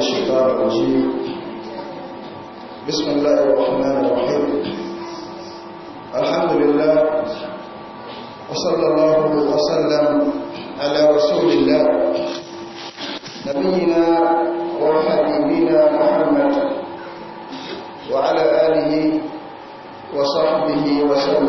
الشيطان الرجيم بسم الله الرحمن الرحيم الحمد لله وصلى الله وسلم على رسول الله نبينا وحبيبنا محمد وعلى آله وصحبه وسلم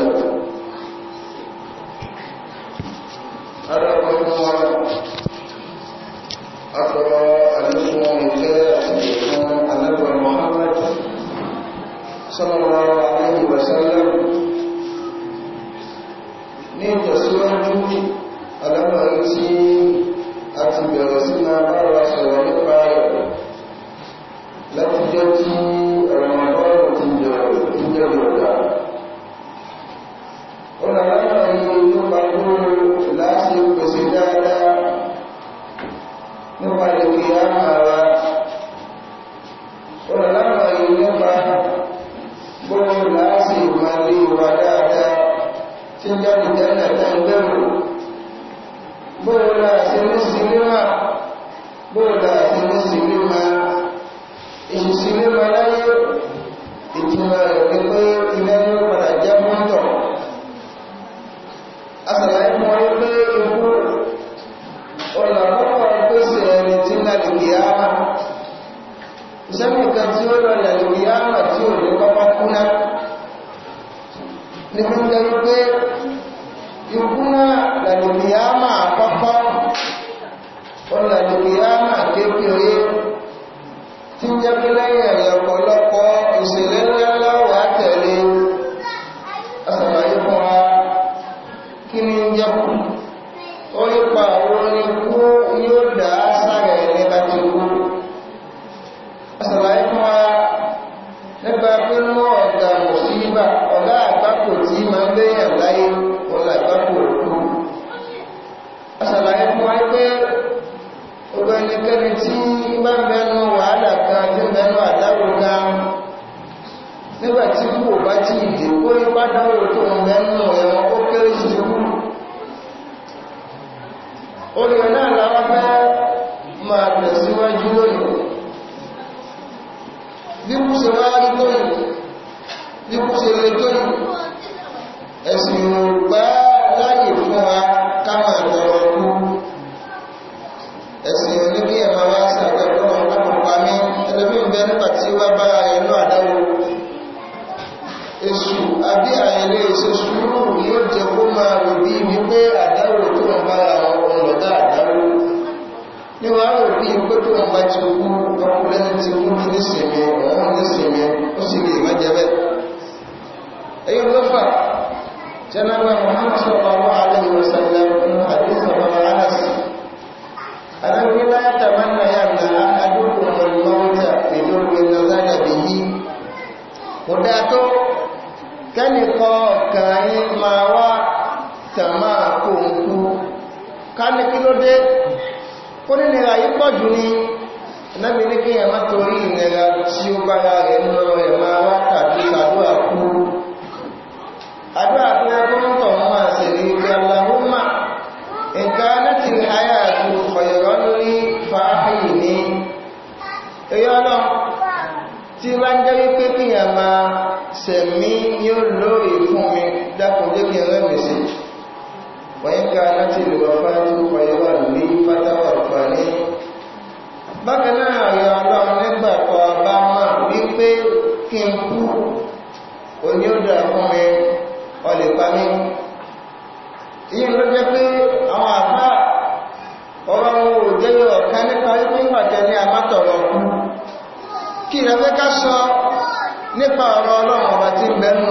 Jenama Muhammad sallallahu alaihi wasallam nínú àdúgbò bàbá Anas aláwọ̀ láyé tàbánà yà na àdúgbò ọlọ́wọ́ta ìdógbé na zága bè yí kò dátó kẹ́nìkọ́ kàáyí máa wá tàmà kò ń kú kánì kí ló dé kó ní nira yí pọ̀ jù ní náà mi ní kí ẹ̀ má torí sẹ̀mí yóò lórí fún mi dákùn jẹ́ kí ẹ̀rẹ́ mẹ́sẹ̀jì wọ́n ká láti lè wọ́n fáyé tó pàyẹ wà lórí pátáwà pàní bákan náà rí ọlọ́run nígbà tó a bá máa rí pé kí n kú òní ó dà fún mi ọlẹ̀ pa mí yìí ló jẹ́ pé àwọn àbá ọ̀rọ̀ wọn ò jẹ́ ọ̀kan nípa wípé ń ní amátọ̀rọ̀ kú kí ìrẹ́fẹ́ ká sọ nípa ọ̀rọ̀ ọlọ́run ọba tí ń bẹnu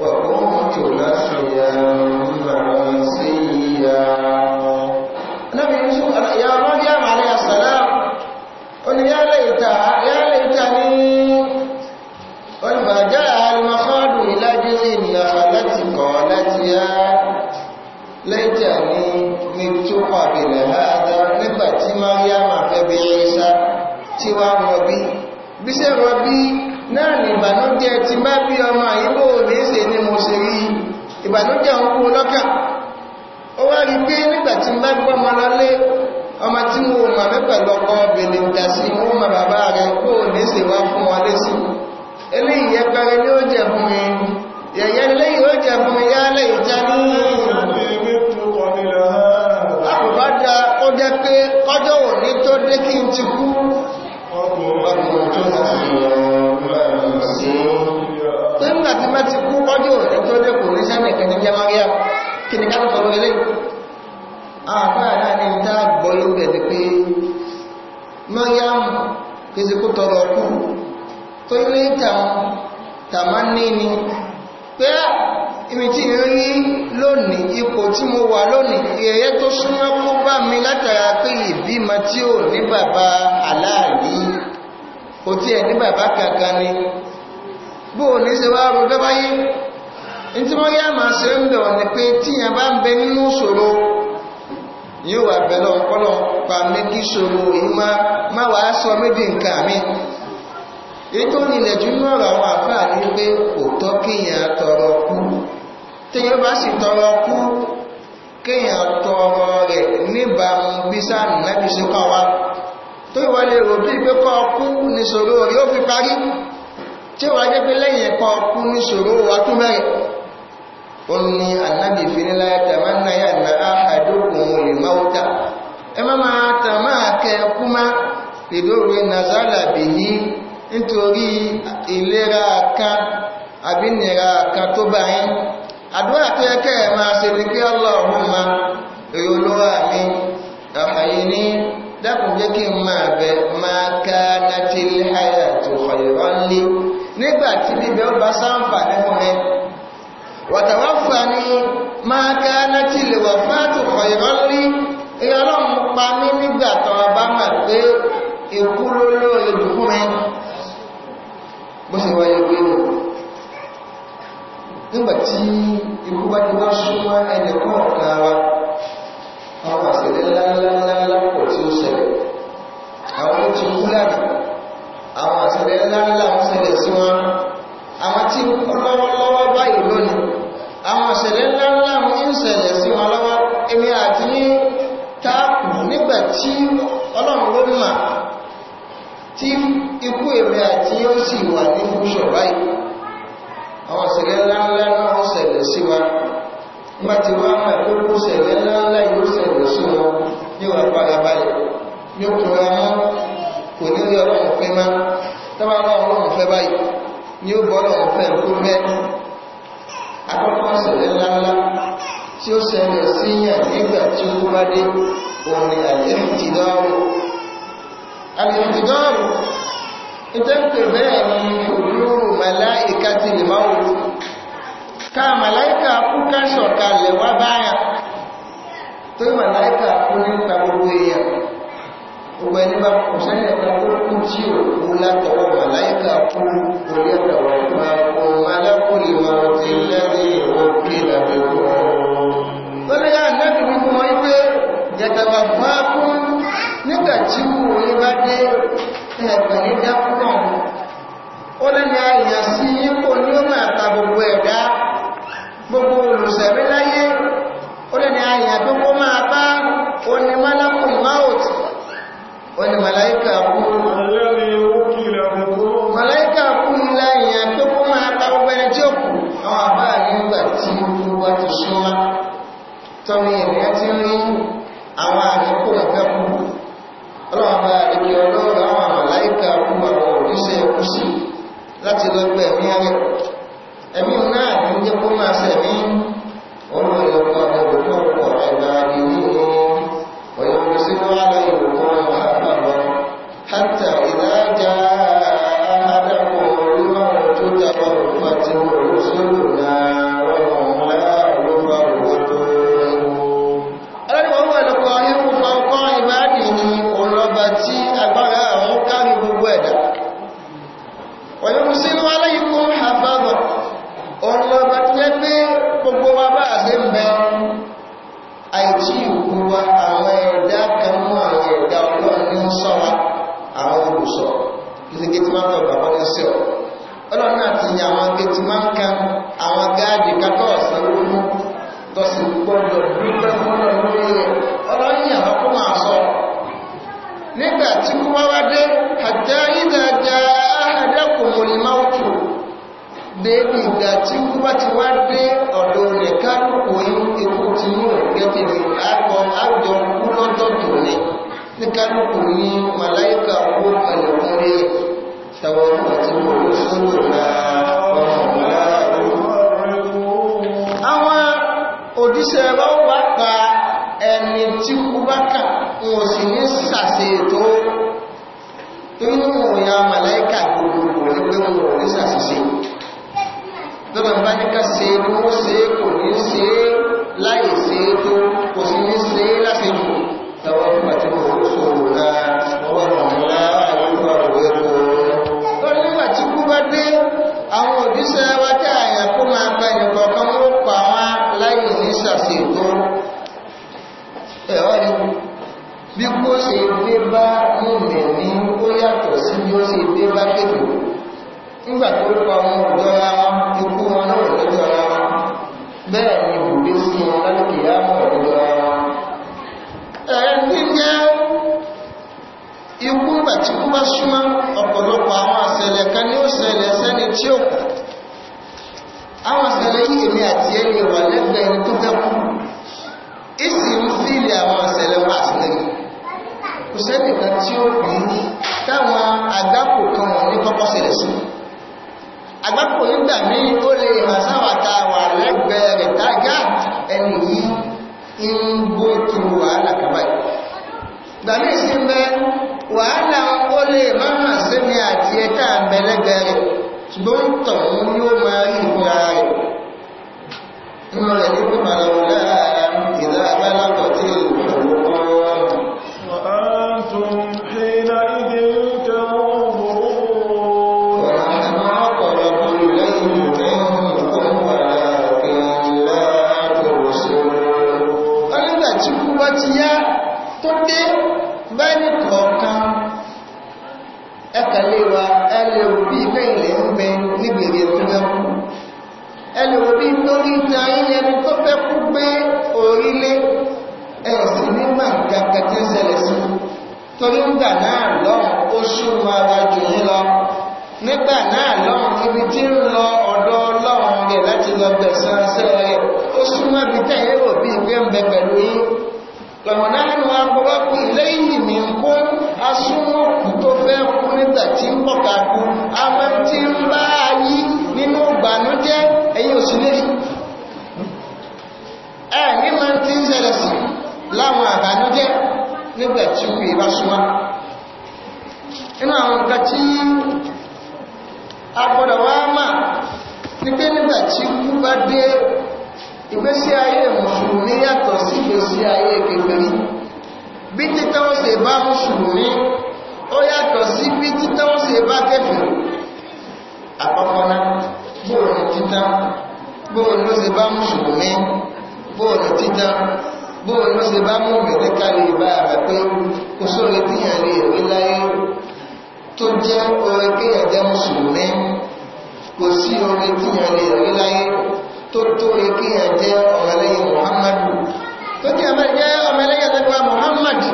وكنت نسيا منسيا النبي يوسف يا مريم عليه السلام قل يا ليتها يا ليتني قل ما جاء المخاض إلى جزء النخلة قالت يا ليتني مت قبل هذا nígbà tí Mariam àfẹ́bẹ̀ Ìsá tí wá rọ̀bí bí sẹ́ rọ̀bí náà nìbànújẹ́ ti má bí ọmọ àyíká ìbànújẹ́ òkú ọlọ́kàn ó wá rí pé nígbàtí má gbọ́mọ lọlé ọmọ tí mo mọ̀ mí pẹ̀lú ọkọ ìdásí bàbá rẹ̀ kó o ní ṣèwá fún wọn eléyìí ó ní jẹ́ Mariam kí ni káàkiri sọ̀rọ̀ lélẹ́ àpáyà náà ní ìta gbọ́ lóbẹ̀ ni pé Mariam kìí kó tọrọ ọkù tó ilé ìtàun tàmá ní ni pé ibi tí ń rí lónìí ipò tí mo wà lónìí ẹ̀yẹ tó súnmọ́ kó bá mi látara pé ìbímọ tí ò ní bàbá aláàrí kò tí ẹ̀ ní bàbá kankan ni bóò ní ṣe tí wọ́n yá máa ṣe ń bẹ̀rọ̀ ni pé tí yẹn bá ń bẹ nínú ṣòro yóò wà bẹ̀rẹ̀ ọpọlọ pa mí kí ṣòro yìí má wà á sọ mí di nǹkan mi ètò ìrìnlẹ̀ jù ní ọ̀rọ̀ àwọn àfáà ní pé kò tọ́ kéèyàn tọrọ kú téèyàn bá sì tọrọ kú kéèyàn tọrọ rẹ̀ níbàámu bí sáà nàbí ṣe kọ́ wa tó ìwà lè rò bí pé kọ́ kú níṣòro rí fi parí tí ó wá jẹ́ pé lẹ́yìn kọ́ kú níṣòro wa tún bẹ̀rẹ̀ ó ní anábì fi ní láyàtà máa ń náyà na àádókùnrin rẹ̀ máúta ẹ má máa tà máa kẹ kú má ìdóòrè nazala bìí nítorí ìlera kan àbínira kan tó bá yín àdúrà tó yẹ kẹ́ ẹ̀ máa Allahumma èrò mi àfàyè ní dákùn jẹ́ kí n máa bẹ̀ máa ká náà ti lè háyà tó ọ̀yọ́ ọ́nlé nígbà wàtàwáfàní máa ká náàtí lè wà fàátù ọ̀yọ̀rọ̀lì ìyọ́lọ́run pa mí nígbà tọ́wọ́ bá mà pé ikú ló lóore jù fún mi bó ṣe wáyé pé lò nígbà tí ikú bá ti wá súnmọ́ ẹnì kọ̀ọ̀kan wa àwọn àṣẹlẹ̀ ńláńlá sì wà ní fúṣọ̀ báyìí àwọn ìṣẹ̀lẹ̀ ńláńlá náà ṣẹlẹ̀ sí wa nígbà tí wọ́n á máa kókó ṣẹlẹ̀ ńláńlá yóò ṣẹlẹ̀ sí wọn ní wà pagabalẹ̀ ní òkúra mọ́ kò ní rí ọlọ́run fẹ́ máa tọ́wọ́ ọlọ́run fẹ́ báyìí ní ó bọ́ ọlọ́run fẹ́ kó fẹ́ akọ́kọ́ ṣẹlẹ̀ ńláńlá tí ó ṣẹlẹ̀ síyàn nígbà tí ó kó bá dé òun ni àlẹ́ ìtìdọ́rù àlẹ́ ìtìdọ́rù ìtẹ́kùn bẹ́ẹ̀ ni òdúró màláìka ti lè máa wò ká màláìka kú ká sọ̀kalẹ̀ wá báyà tó màláìka kú nípa gbogbo èèyàn gbogbo ẹni bá kò sẹ́yìn ẹ̀ka tó kú tí ò kú látọwọ́ màláìka kú orí ẹ̀dọ̀wọ̀ máa kú alákùnrin wọn ti lẹ́rìí ẹgbẹ̀rẹ̀ dákúrọ̀ ó lẹ́ni àyà sí yípo ní ó máa ta gbogbo ẹ̀dá gbogbo olùsẹ̀rí láyé ó lẹ́ni àyà tó kó máa bá onímọ́lákùn máa òtù onímọ̀láíkà kíkálùkù ní màláíkà owó pẹ̀lú lórí ṣàwọn àti owó sórí àwọn òjíṣẹ́ bá ó bá pa ẹni tí kú bá kà wọn sì ní sàṣe ètò inú òyà màláíkà gbogbo ní pé wọn kò sí ní ṣe láti tàwọn ọmọ àti mọ̀ bí kó ṣe gbé bá mọ̀mí ní ó yàtọ̀ sí bí ó ṣe gbé bá kéde nígbà tó pa ọmọ ọ̀dọ́ ara wọn ikú wọn náà lọ́jọ́ ara wọn bẹ́ẹ̀ ni ibùgbé sí wọn lálùkì yá mọ̀ ọ̀dọ́ ara tí kú bá súnmọ́ ọ̀pọ̀lọpọ̀ àwọn àṣẹlẹ̀ kan ní ó ṣẹlẹ̀ sẹ́ni tí ó kù àwọn àṣẹlẹ̀ yìí èmi àti ẹni wà lẹ́gbẹ̀ẹ́ ẹni tó fẹ́ kú ìsì ń fílẹ̀ àwọn àṣẹlẹ̀ wọn àṣẹlẹ̀ kò ta wà lẹ́gbẹ̀ẹ́ rẹ̀ tágá ẹni yìí ń gbàmí sí mẹ́ wàhálà ó lè má hàn sí mi àti ẹ̀ta àbẹ̀lẹ́gbẹ̀ rẹ̀ ṣùgbọ́n tọ̀hún ni ó máa rí ìfúra rẹ̀ nínú rẹ̀ ní pípa lọ́wọ́ láàárín ẹ̀sì mímọ̀ kankan tí ó ṣẹlẹ̀ sí torí ńgbà náà lọ́rùn ó ṣúnmọ́ ara jù yín lọ nígbà náà lọ́rùn ibi tí ń lọ ọ̀dọ̀ ọlọ́run rẹ̀ láti lọ gbẹ̀sán sí rẹ̀ ó súnmọ́ ibi tẹ̀yẹ́ rò bí ìwé ń bẹ pẹ̀lú yín lọ́wọ́n náà nù agbọ́gbọ́kú ilé ìyìn mi ń kó asúnmọ́ òkú tó fẹ́ kú nígbà tí ń pọ̀ka kú a máa ń bá ayé nínú ìbànújẹ́ ẹ̀yìn òsínlẹ̀ ẹ̀ ní máa ti ń ṣẹlẹ̀ sí i láwọn àbánújẹ́ nígbàtí ó yẹ bá súnmọ́ inú àwọn nǹkan tí a gbọ́dọ̀ wá mà ní pé nígbàtí kú bá dé ìgbésí ayé mùsùlùmí yàtọ̀ sí ìgbésí ayé kékeré bí títọ́ ṣe bá mùsùlùmí ó yàtọ̀ sí bí títọ́ ṣe bá kẹfẹ́ àkọ́kọ́ náà bóòlù títọ́ bóòlù ṣe bá mùsùlùmí bóòlù títọ́ bó ló ṣe bá mú mẹ́rin kárí bá rẹ̀ pé kò sóre tíyàn lè rí láyé tó jẹ́ orin kéèyàn jẹ́ mùsùlùmí kò sí orin tíyàn lè rí láyé tó tó orin kéèyàn jẹ́ ọ̀rẹ́lẹ́yìn muhammadu tó jẹ́ ọmọlẹ́yìn ọmọlẹ́yìn tẹ́gbà muhammadu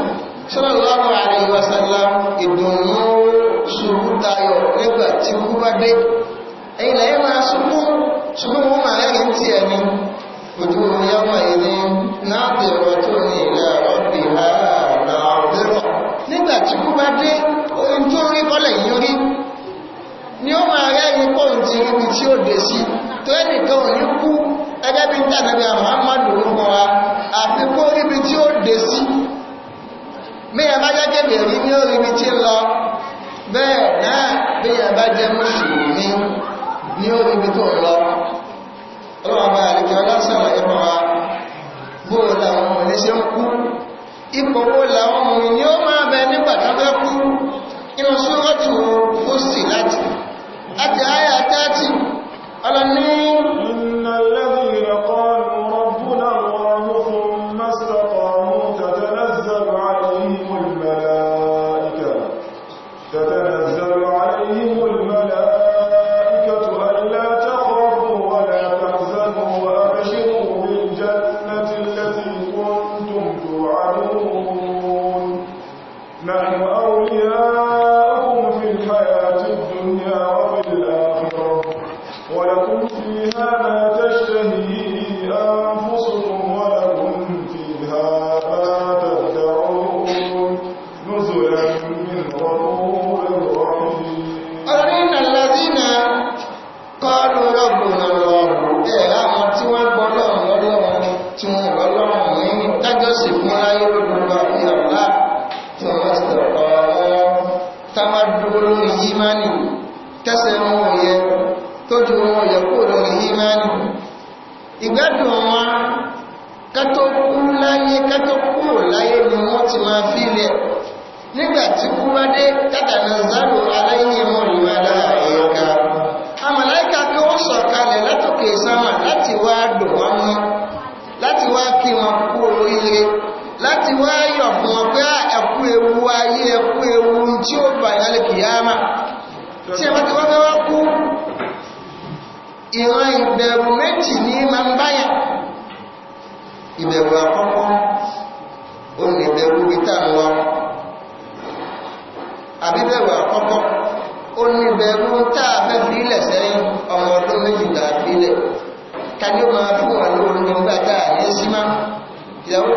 sallallahu alaihi wasallam ìdùnnú ṣubú tayọ nígbà tí kú bá dé ẹ̀yìn lẹ́yìn máa ṣubú ṣubú mú màá rẹ̀ ní tiẹ̀ ni ojú omi ọmọ ìrìn náàbẹ̀rọ tó ní ilẹ̀ ọ̀bì ààrà ọ̀bẹ̀rọ nígbàtí kú bá dé ohun tó rí kọ́lẹ̀ yìí rí ni ó máa rẹ́ ní pọ́ùn ti ríbi tí ó dé sí tó ẹnìkan ò ní kú ẹgẹ́ bí tàbí Muhammadu orúkọ wa àfi kó ríbi tí ó dé sí mẹ́yà bá jẹ́ kébèrè ní ó ríbi àríkẹ́ ọlọ́sàn ẹ̀kọ́ wa bóò làwọn ọmọ ní ṣe ń kú ipò làwọn ọmọ ní ó máa bẹ nígbà fẹ́ kú inú súrọ́tù fúsì láti láti àyà 30 ọlọ́ni ìnàlẹ́bí ẹ̀kọ́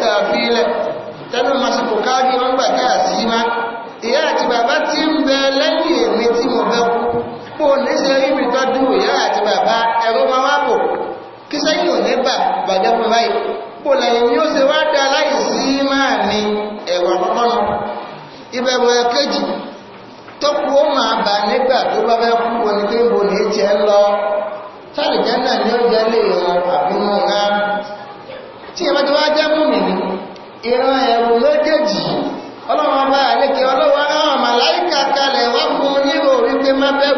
tá a fi ilẹ̀ tẹ́nu masìkò káàdì wọ́n gbà tá a sí má ìyá àti bàbá tí ń bẹ lẹ́yìn èmi tí mo bẹ́ pò níṣẹ́ ríbi tọ́jú ìyá àti bàbá ẹ̀rọ máa wá bò kí sẹ́yìn ò ní bà bàjẹ́ fún báyìí pò lẹ́yìn yóò ṣe wá dá láì sí máa ní ẹ̀rọ àkọ́kọ́ nù ìbẹ̀rù ẹ̀kejì tó kú ó máa bà nígbà tó bá fẹ́ kú oní tó ń bo ní jẹ́ lọ sáàlì ìran ẹ̀rù méjèèjì ọlọ́run ọba àlékè ọlọ́wọ́ àwọn màláìkà kalẹ̀ wá fún onírò wípé má bẹ̀rù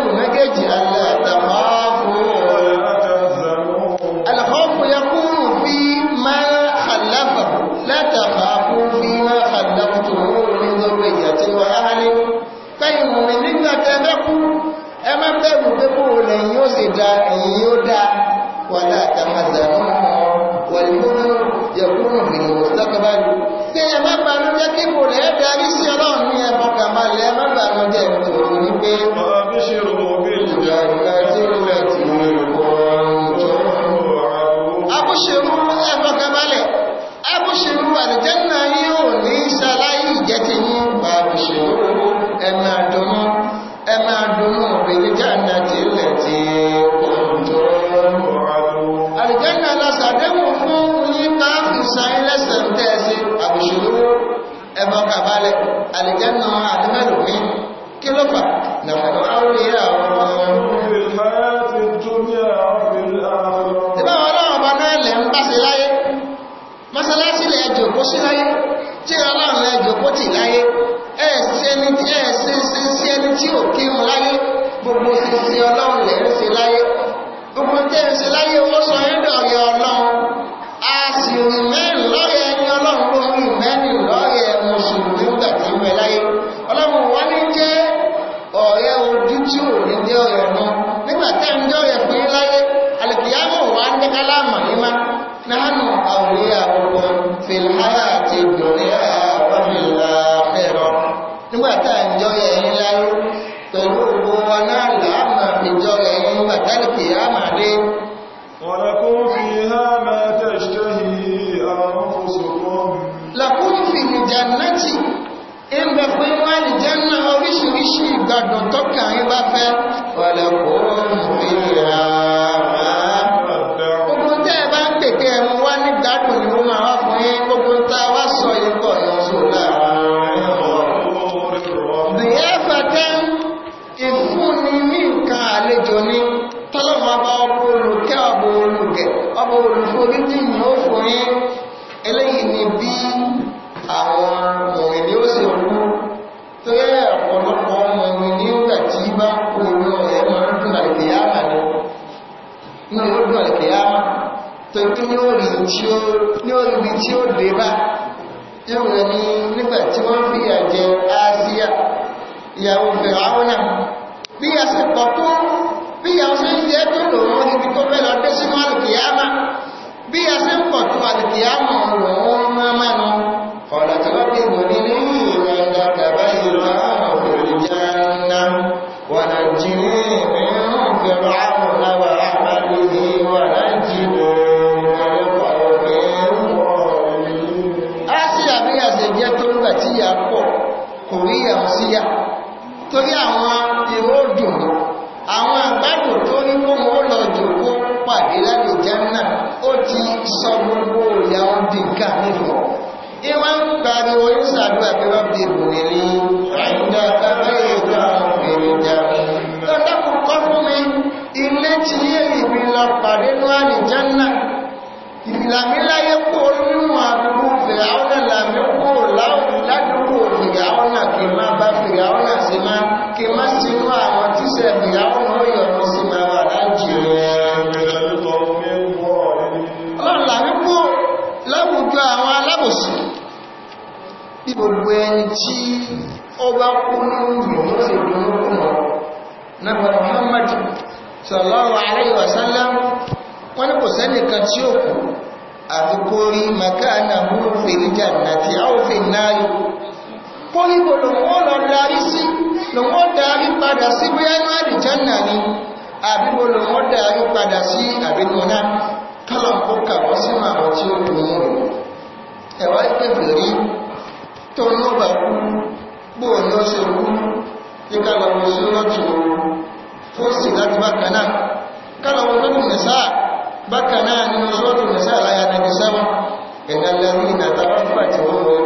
tó ikú ní orí tí ó ní orí tí ó dé bá irun ẹni nígbà tí wọ́n fi àjẹ Asia ìyàwó bẹ̀rẹ̀ àwọn náà bí a sì pọ̀ tó bí a sì ń yẹ tó lòun níbi tó fẹ́ lọ dé sínú àlùkìyàmà bí a sì ń pọ̀ tó àlùkìyàmà lòun tí ó kù àfikórí makana múrùfè níjà àti áwòfè náà kóríbò lòun ó lọ darí sí lòun ó darí padà sí bóyá inú àdìjánà ni àbíbò lòun ó darí padà sí àbíkọ́nà kọ́lọ̀ kó kàwọ́ sínú àwọn tí ó kù ní rẹ̀ ẹ̀wọ́ ìpẹ̀bẹ̀ rí tó ń lọ́gbà kú bó ń lọ ṣe kú ní kálọ̀wọ̀ sí lọ́tù fóòsì láti bákan náà kálọ̀wọ̀ lọ́tù mẹ́sàá bákan náà nínú sọ́ọ̀tù nìsá àyà 97 ìnàlẹ́rí ìdàtàrà fàtí wọn lọ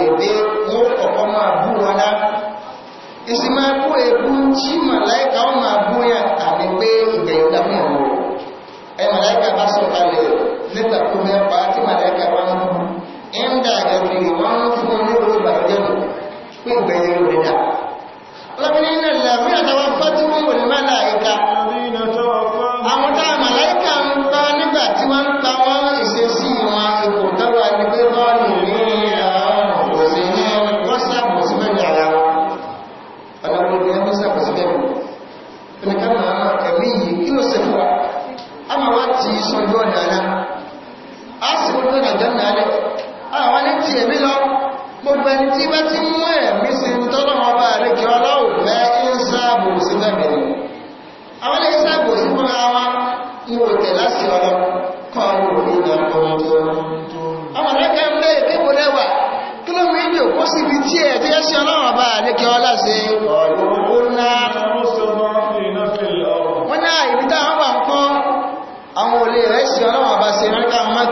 lè pé wọ́n kọ̀kọ́ máa bú wọn lá ìsì máa bú ebú tí màláìka wọ́n máa bú yàn àmì pé ìgbẹ̀yìn dákùn ọ̀rọ̀ ẹ màláìka bá sọ kalẹ̀ nígbà tó mẹ́pa tí màláìka bá ń bú ẹ̀ńdà ẹ̀rì wọ́n fún un ní orí ìbàjẹ́ nù pé ìgbẹ̀yìn rẹ̀ dà lọ́bìnrin náà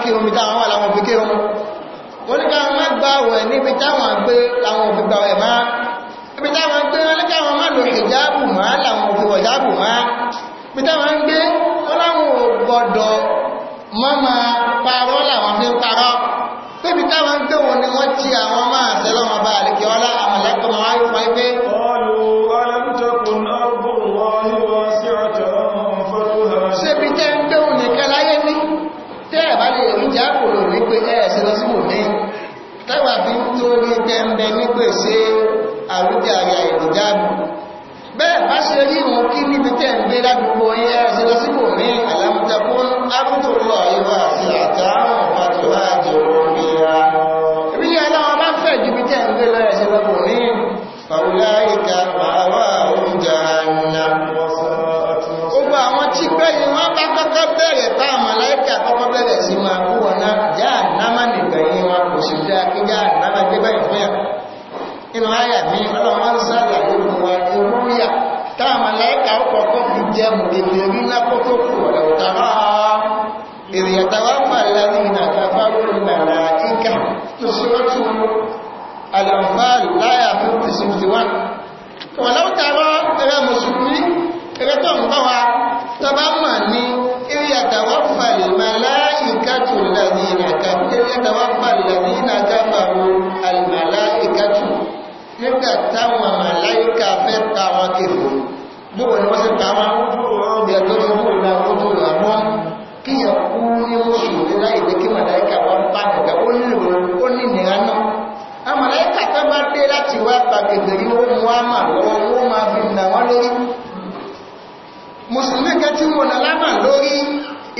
kírun bí táwọn wà láwọn fi kírun wọ́n ní ká má gbààwẹ̀ níbi táwọn àgbé láwọn òfin gbààwẹ̀ máa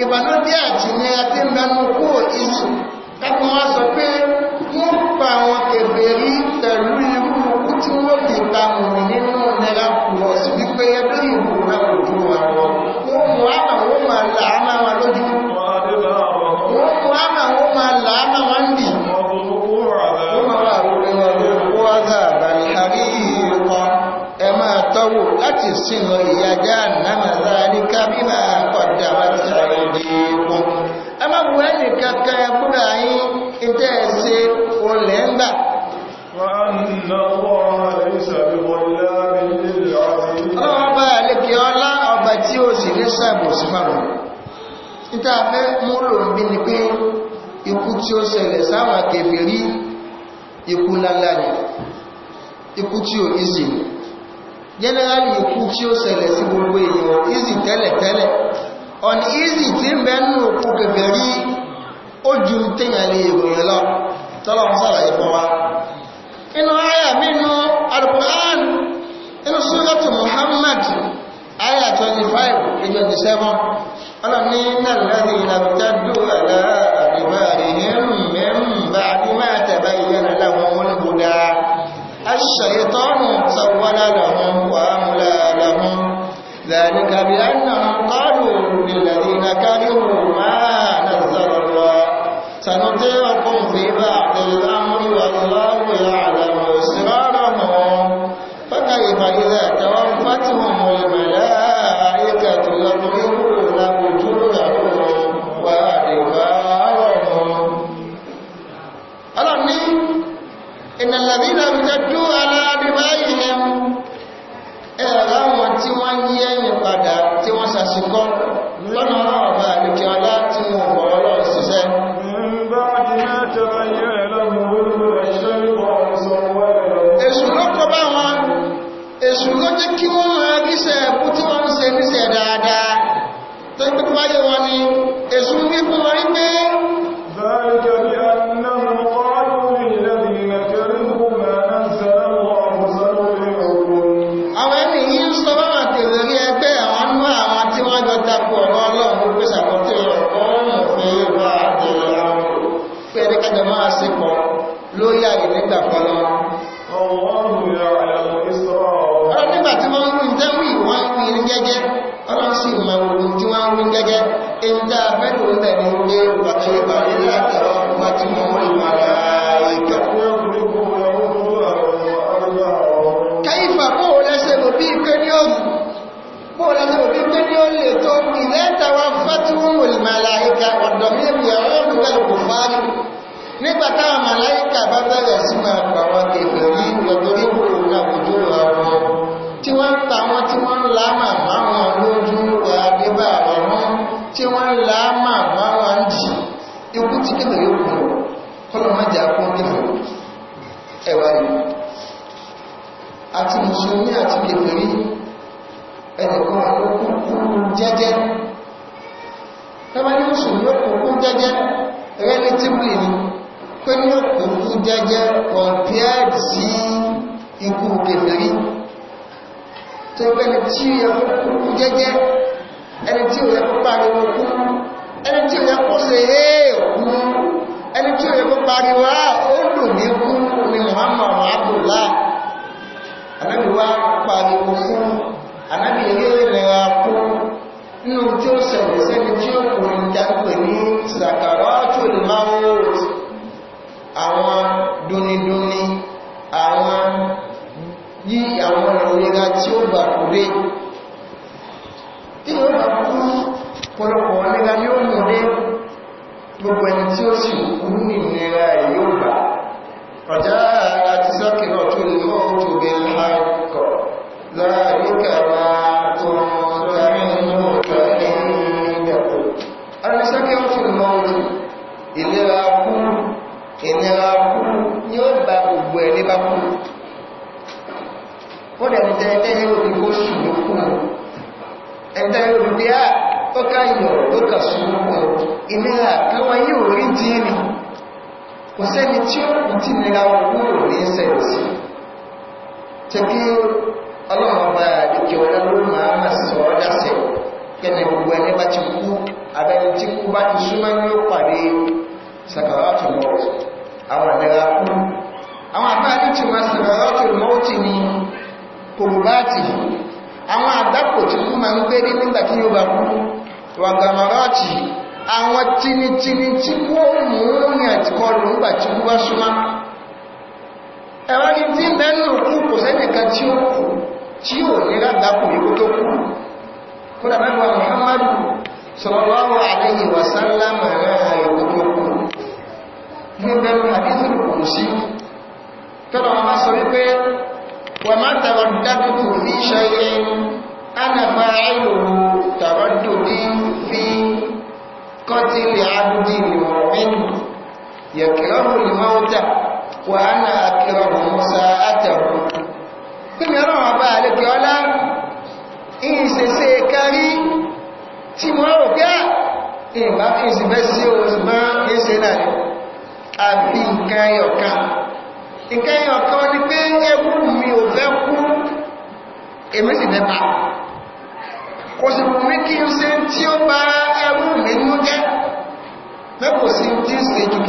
ìbànújẹ́ àti ní àti mẹ́nu kúrò iyì ẹkùn wá sọ pé wọ́n pa àwọn kèbèrí pẹ̀lú irú kú tí wọ́n lè ta mùmí nínú nẹ́ra kùrọ̀ sí wípé ẹbí ìlú rẹ̀ kò ju àwọn wọ́n mú àmà wọ́n máa là á máa wà lójú wọ́n mú àmà wọ́n máa là á máa wà ń bì wọ́n máa wà lórí wọn lórí wọ́n dà bàní àríyìn kan ẹ máa tọ́wò láti sìn lọ tá a fẹ́ múlò bí ni pé ikú tí ó ṣẹlẹ̀ sáwọn kèfèrí ikú lálá ni ikú tí ó ìsì ni generally ikú tí ó ṣẹlẹ̀ sí gbogbo èèyàn ìsì tẹ́lẹ̀tẹ́lẹ̀ on ìsì tí ń bẹ́nu òkú kèfèrí ó ju téèyàn lè ìròyìn lọ tọ́lọ́ sàlàyé fún wa 25 27 ọlọ́ni nàlẹ́rì ìlàtàdù àlá àdìbàrìhìn mẹ́mbàdìmá tàbáyẹ̀rẹ̀ láwọn olùgbòdá aṣàyẹ̀tọ́nù sọ̀wọ́lá lọ́wọ́n wà múlá lọ́wọ́n lẹ́nìkàbí annàmù kọ́lù nílẹ̀rì ìlàkàrí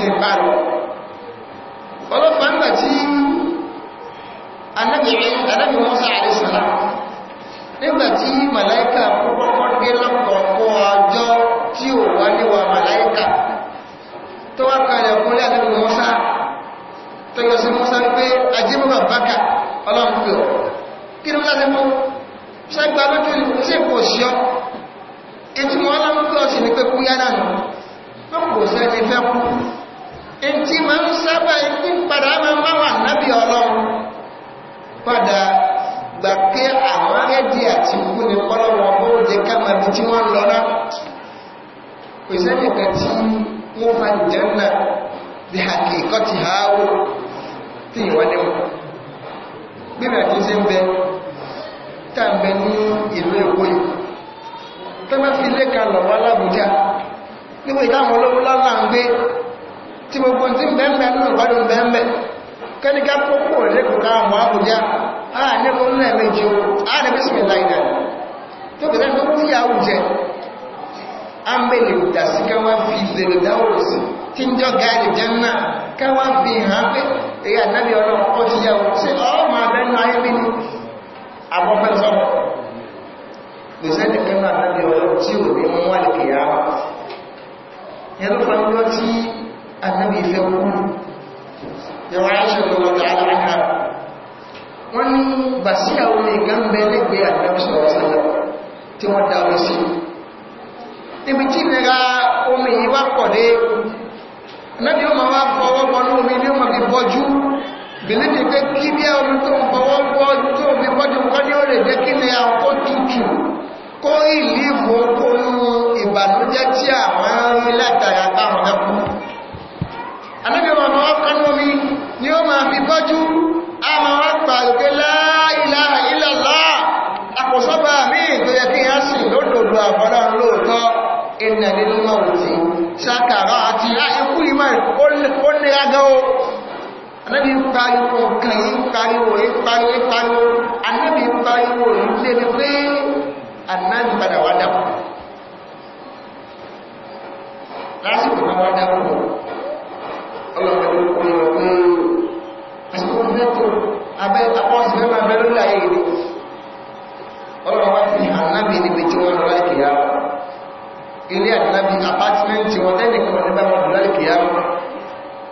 ti pàrọ̀ ọlọ́pàá nígbà tí anábì Mùsá àrísọ́lá nígbà tí màláíkà púpọ̀pọ̀ dé lọ́pọ̀pọ̀ ọjọ́ tí ò wá níwà màláíkà tó wá kalẹ̀ kúnlẹ̀ anábì Mùsá tó yọ sí Mùsá pé ajímọ̀ bàbákà ọlọ́pẹ̀ kí ni Mùsá ti mú ṣẹ́gbà lójú ìṣẹ́kò ṣíọ́ ìtumọ̀ ọlọ́pẹ̀ ọ̀sìn ní pé kú yá náà lọ́pọ̀ sẹ́ni fẹ́ kú sábà ń tí padà máa máa wà nábì ọlọ́run padà gbà pé àwọn ẹ̀dì àti ìwú ni pọ́lọ́wọ́ bó jẹ́ káàmà bí tí wọ́n lọ náà kò sẹ́nìkan tí wọ́n fa ìjẹ́nà bí àkè ìkọ́ ti háwó tí ìwọ́n ní wọn gbígbà kí sí ń bẹ tàbẹ tí gbogbo tí ń bẹ́ẹ̀mẹ́ nínú ìgbádùn bẹ́ẹ̀mẹ́ kẹ́nìká pọ́pọ̀ lẹ́kùnká àwọn àbújá ààrẹ́kùn náà méjì o ààrẹ bí sími láìdá tó bẹ̀rẹ̀ tó tí a ó jẹ ámẹ́lẹ̀ ìdásí káwá fi zèrè dáwòrìsì tí ń jọ gáàlì jẹ́ náà káwá fi hàn pé èyí àdábì ọlọ́run ó ti yẹ o ṣe ọmọ abẹ́nu ayé mi ni àbọ̀fẹ́ sọ́kọ̀ kò sẹ́ni kẹ́nu àdábì ọlọ́run tí ò ní mú wà lè kìyàwó yẹn ló fa ń lọ tí annabi fẹ́ kún yàwó aṣọ lọ́wọ́ tààlà aka wọ́n ní bàṣíyà omi gánbẹ́ lẹ́gbẹ̀ẹ́ annabi sọ̀rọ̀ sálẹ̀ tí wọ́n dá omi sí ibi tí nira omi yìí wá pọ̀ dé nábi ó ma wá fọwọ́ bọnú omi ní ọmọ fi bọ́jú bìlíbi pé kí bí omi tó ń fọwọ́ bọ́jú tó omi bọ́jú kọ́ ní ó lè jẹ́ kí ni àkó tutù kó ìlú ìfowópamọ́ ìbànújẹ́ tí àwọn arìnrìn látara táwọn ẹkùn anábì ọmọ ọmọ ọkànnú mi ni ó máa fi bọ́jú a máa wá pàrùkẹ láìlá ìlàlá àkọsọ́bà mí tó yẹ kí yán sì lódòdó àbọ́dá lóòtọ́ ilẹ̀ nínú mọ̀wùtí sákàrá àti ikú ìmọ̀ ó ní agá o anábì pariwo kàn yí pariwo yí pariwo yí pariwo anábì pariwo yí wá dàpọ̀ lásìkò ọlọ́pẹ̀lú ọmọ ọ̀gbọ́n àsìkò mẹ́tò abẹ́ apọ́sí mẹ́mà bẹ̀rẹ̀ láyé ìdí ọlọ́wọ́ ti ànábì níbi tí wọ́n lọ́lá ìkìyà ilé ànábì apátímẹ́ntì wọn lẹ́nìkan wọn nígbà wọn lọ́lá ìkìyà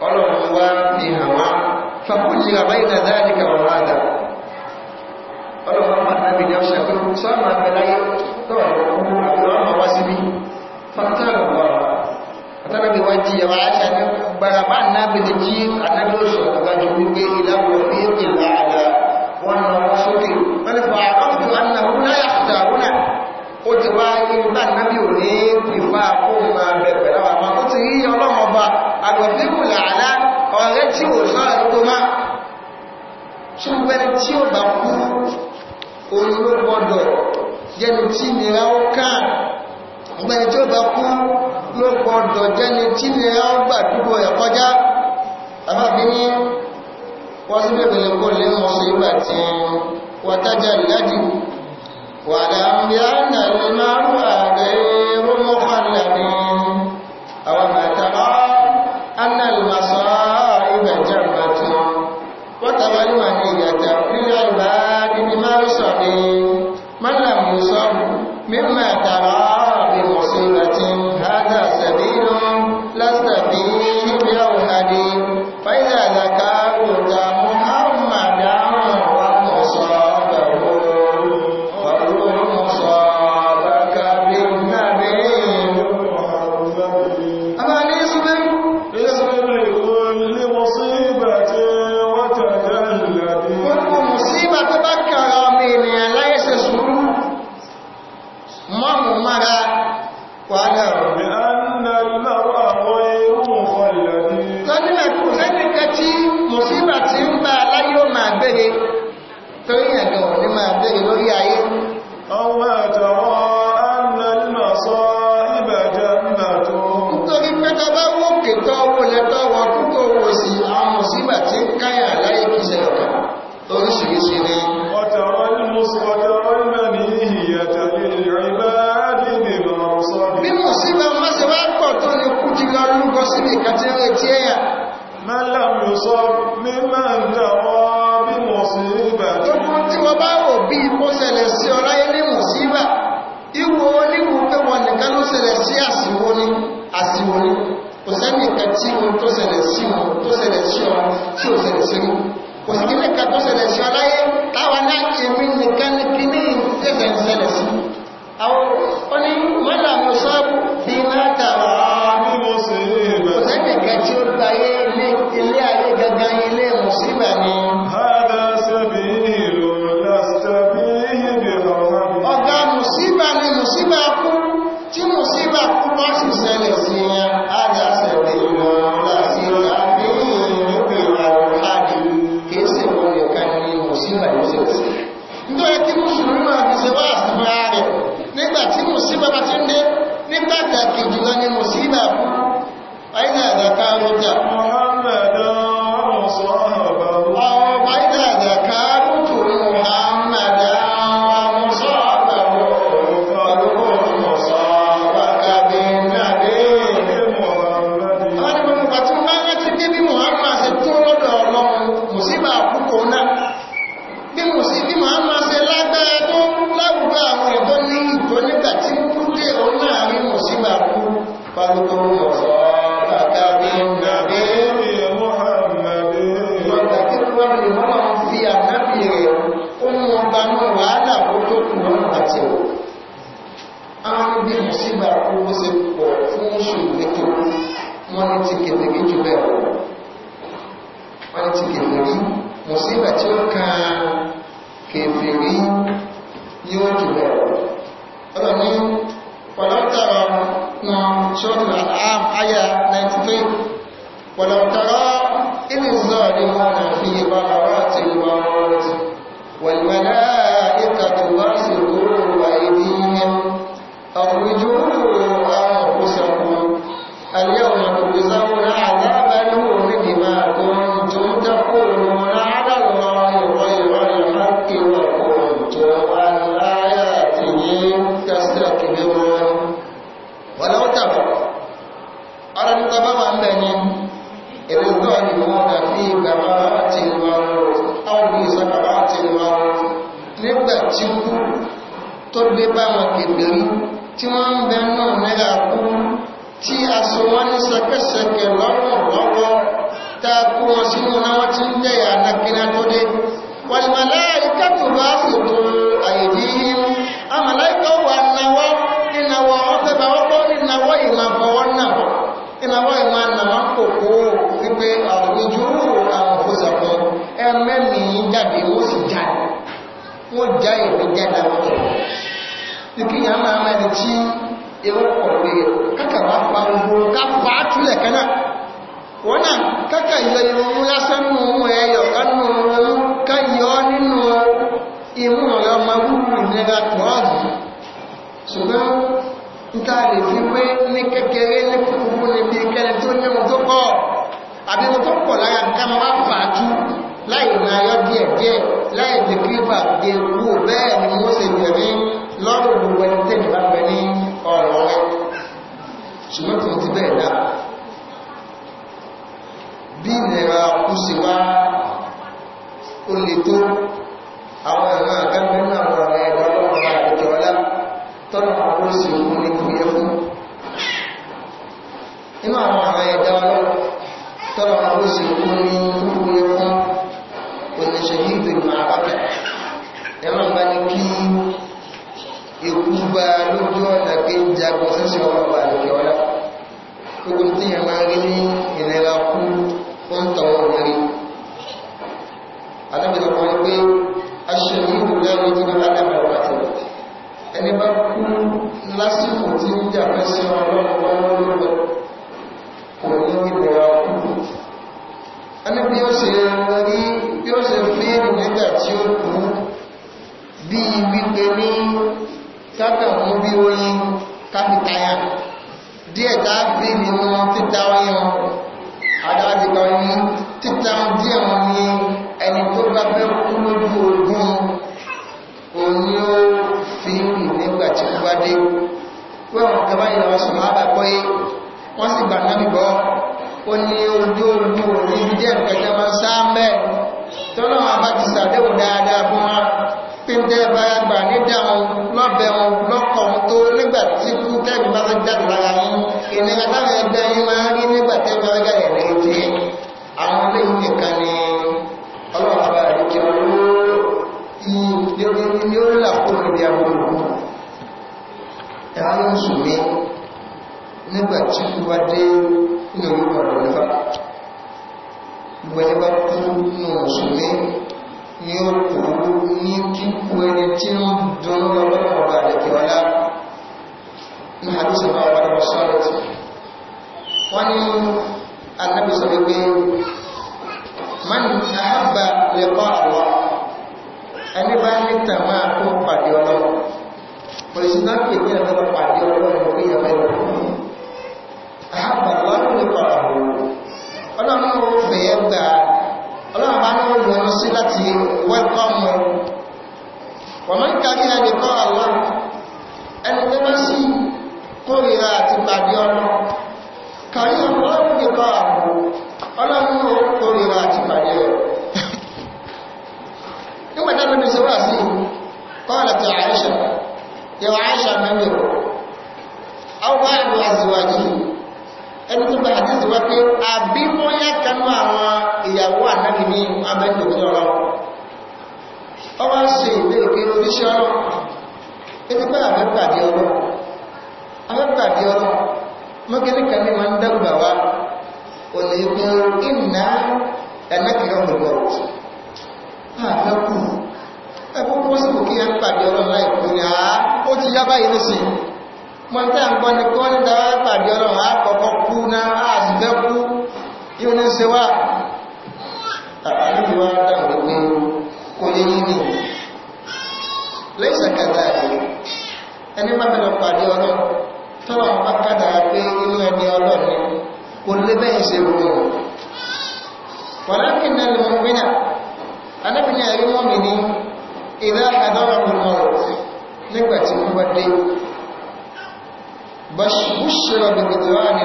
ọlọ́wọ́ wá fi hàn wá fàkúlì àbáyìnà dáadìkà wọn láàdà ọlọ́wọ́ ànábì ní ọ̀ṣẹ́ pé sọ́ọ̀nà abẹ́láyé ọ̀tọ́rọ̀ bí wọ́n jíyẹ̀ wá aṣáájú gbára bá ànábìlì jí ànábìlì òṣèlú gbájú wípé bí ó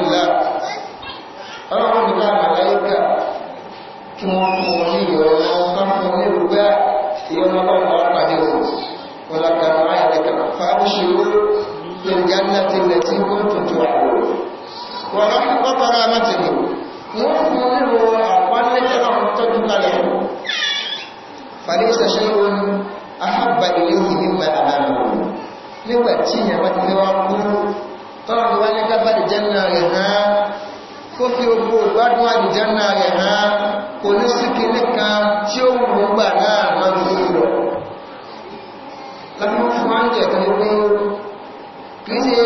ìlà ọlọ́run nípa màláíkà kí wọ́n mú wọn ní ìyọ̀nà sáfún ní ìrúgbà ìyọ̀nà ọlọ́run pàdé wọn wọn lápá máa ìdẹ̀kà fàáṣirò lẹ́gbẹ̀ẹ́ láti ilẹ̀ tí ó tuntun àwọ̀ wọn lọ́pọ̀ pọ́pọ́ ara mọ́tìlì wọ́n fún nílò àpánlẹ́jọ́ náà tọ́jú kalẹ̀ فليس شيء أحب إليه مما أمامه nígbàtí ìyàwó ti lé wá kúrú tọ́lọ̀mù wá ní kábà àdìjẹ́nà rẹ̀ hàn kó fi ogbó ìgbádùn àdìjẹ́nà rẹ̀ hàn kò ní sí kìíní kan tí ó wù ú gbà náà máa ń fi rọ̀ lọ́dún fún wa ń jẹ̀ kan wípé kì í ṣe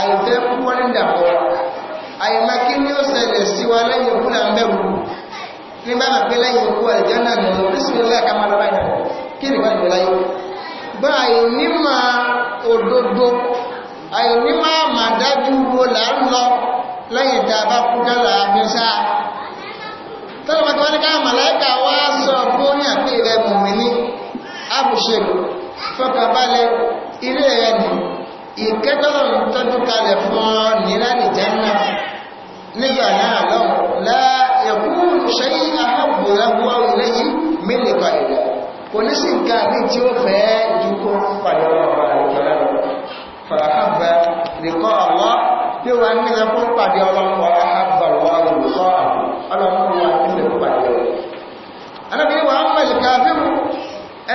àìfẹ́ púpọ̀ ní ìdàpọ̀ àyèmá kí ni ó ṣẹlẹ̀ sí wa lẹ́yìn ikú là ń bẹ̀rù ní bá pé lẹ́yìn ikú àdìjẹ́nà rẹ̀ hàn bísímilláhi ká máa lọ báyìí kí nìkan ìgbéláyé àìní máa mà dájú wo là ń lọ lẹ́yìn tá a bá kú dálà àfẹ́sà tọ́lọ́pàá tí wọ́n ní káwọn màláìka wá sọ fún ní àpé rẹ̀ mùmíní àbùṣèlú fọkànbalẹ̀ ilé rẹ̀ nì ìkẹ́tọ́lọ̀ ń tọ́jú kalẹ̀ fún ọ nílá nìjẹ́ náà nígbà náà lọ fàràhàbà lèkọ́ ọ̀wọ́ tí ó wà ní ẹkùn pàdé ọlọ́pọ̀ àbàwọ̀ olùkọ́ ọlọ́pọ̀ wà ní ẹkùn pàdé ọlọ́pọ̀ anábìyí wà ń pẹ̀lú káfíìmù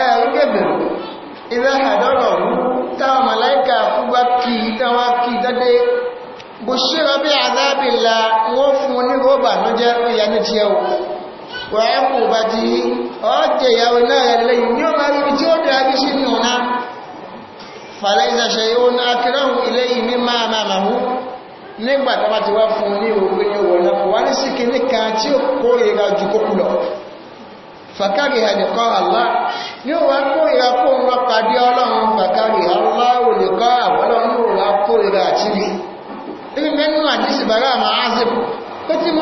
ẹ̀rù gẹ̀bẹ̀rù ilẹ̀ àdọ́rọ̀ ọ̀run táwọn mọ̀láìkà fún bá kí táwọn kí dáadé bó ṣíra bí àdábìlà wọ́n fún ní rọ́bà ló jẹ́ ìyá ní ti ẹwọ wà á kò bá ti ọ́ jẹ̀yàwó náà rẹ̀ lẹ́yìn ní ọmọ ibi tí ó dára bí sí nù náà fàlẹ́sà ṣe yóò náà kíráhùn ilé ìmí máa máa máa hù nígbà tó bá ti wá fún ní òwe ìwọ̀ náà kò wá ní sí kí níkan tí ó kórìíra ju kókù lọ fàkàrí àdìkọ́ àlá ní òwà kórìíra kó ń wá pàdé ọlọ́run fàkàrí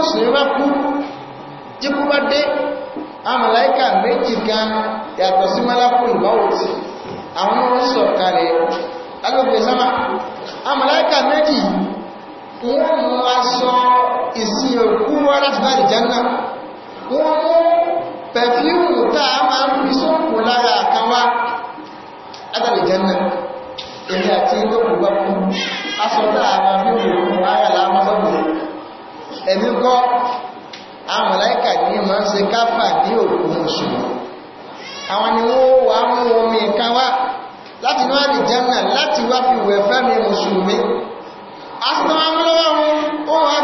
aláwò àmàláìkà méjì gan yàtọ̀ sí ìbáwò tí àwọn wọ́n sọ kalẹ̀ agbègbè sámà amàláìkà méjì wọ́n mú aṣọ ìsìn òkú wọ́n láti bá ìjánà wọ́n mú pẹ̀fíùmù táà máa ń fi sóòkù lára àkánwá látàrí ìjánà èmi àti ìtòkù gbọ́kú aṣọ táà máa fi òkú ara lámọ́sọ́gbò ẹ̀mí kọ́ amàláìkà ní máa ń ṣe káfà ní òkú mùsùlùmí àwọn ni wọ́n wà mú omi kan wá láti inú àlìjánà láti wá fi wẹ̀ fẹ́mi mùsùlùmí asìtàn amúlọ́wọ́ wọn ó wá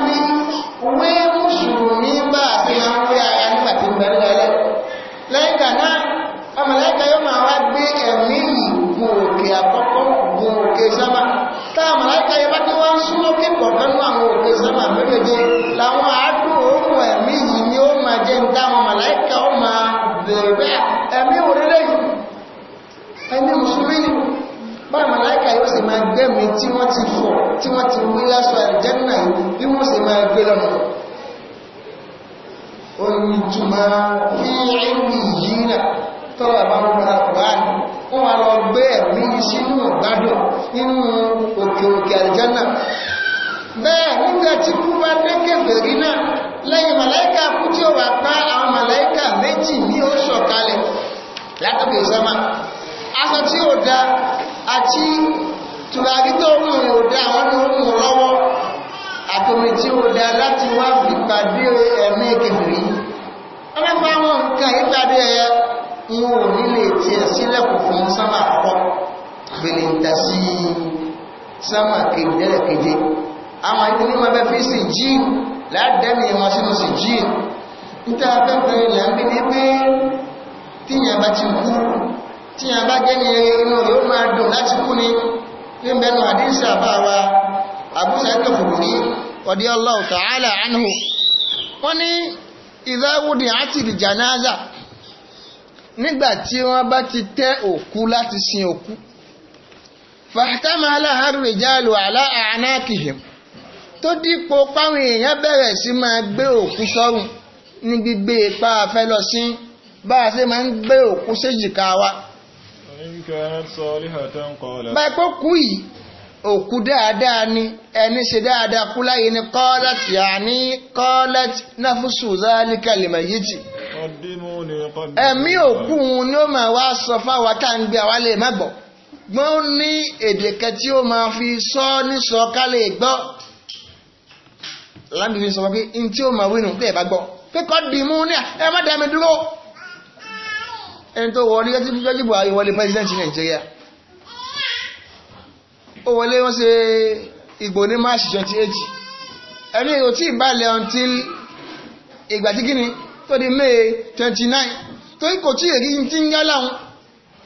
ẹni tí wọ́n ti fọ̀ tí wọ́n ti wí lásọ àìjẹ́nà yìí bí wọ́n sì máa gbé lọ́nà oyin túmọ̀ fi ẹ̀mí yìí náà tọ́lá bá ń gba àkùránì wọ́n wá lọ gbé ẹ̀mí sínú ọ̀gbádùn nínú òkè òkè àìjẹ́nà bẹ́ẹ̀ nígbà tí kú bá dẹ́kẹ̀fẹ̀ rí náà lẹ́yìn màláìka kú tí ó wà pa àwọn màláìka méjì ní ó sọ̀kalẹ̀ látọ̀kẹ̀ sọ́mà aṣọ tí ó da àti tùràrí tó mú ò dá àwọn tó mú lọ́wọ́ àtòmì tí ó dá láti wá ìpàdé ẹ̀mí kèfèrí ọlọ́pàá àwọn nǹkan ìpàdé ẹ̀yẹ ń wò nílé tí ẹ̀ sílẹ̀kùn fún sámà àkọ́kọ́ gbèlèǹtà sí sámà kèjìdẹ́lẹ̀ keje àwọn ìdí ní mọ́bẹ́ fi sí jíìn láàdẹ́mì wọn sínú sí jíìn níta afẹ́fẹ́ ilẹ̀ ń bí ní pé tíyàn bá ti kú tíyàn bá jẹ́ ní inú yóò máa dùn láti kú ni ní mẹ́nu àdínsì àbáwa àbúsẹ̀kẹ́ fòròrí ọdí Allah تعالى عنه. وني إذا ìzáwúdí الجنازة ìjànáza nígbàtí wọ́n bá ti tẹ́ òkú láti sin òkú fàtàmà aláhàrùn ìjálù aláàánákìhìm tó dípò páwọn èèyàn bẹ̀rẹ̀ sí máa gbé òkú sọ́rùn ní gbígbé ipá afẹ́lọ́sí bá a ṣe máa ń gbé òkú séjìká wa báyìí pé kú yìí òkú dáadáa ni ẹni ṣe dáadáa kú láyé ni kọ́lẹ́tì àní kọ́lẹ́tì náfúsù záálíkà lèmọ̀ yìí jì ẹ̀mí òkú ni ó máa wá sọ fáwa tá à ń gbé àwa lè má gbọ́ gbọ́n ní èdè kan tí ó máa fi sọ ní sọ ká lè gbọ́ lábìrin sọ pé ní tí ó máa wí nù pé ẹ̀ bá gbọ́ pé kọ́ dìímú ẹ má dá dúró. ẹni tó wọ nígbàtí fún jọ́jú Buhari wọlé president Nigeria ó wọlé wọ́n ṣe ìgbò ní March 28 ẹni ò tí until ìgbà tí gíní tó May 29 tori kò tí èrí loju ń yá láhùn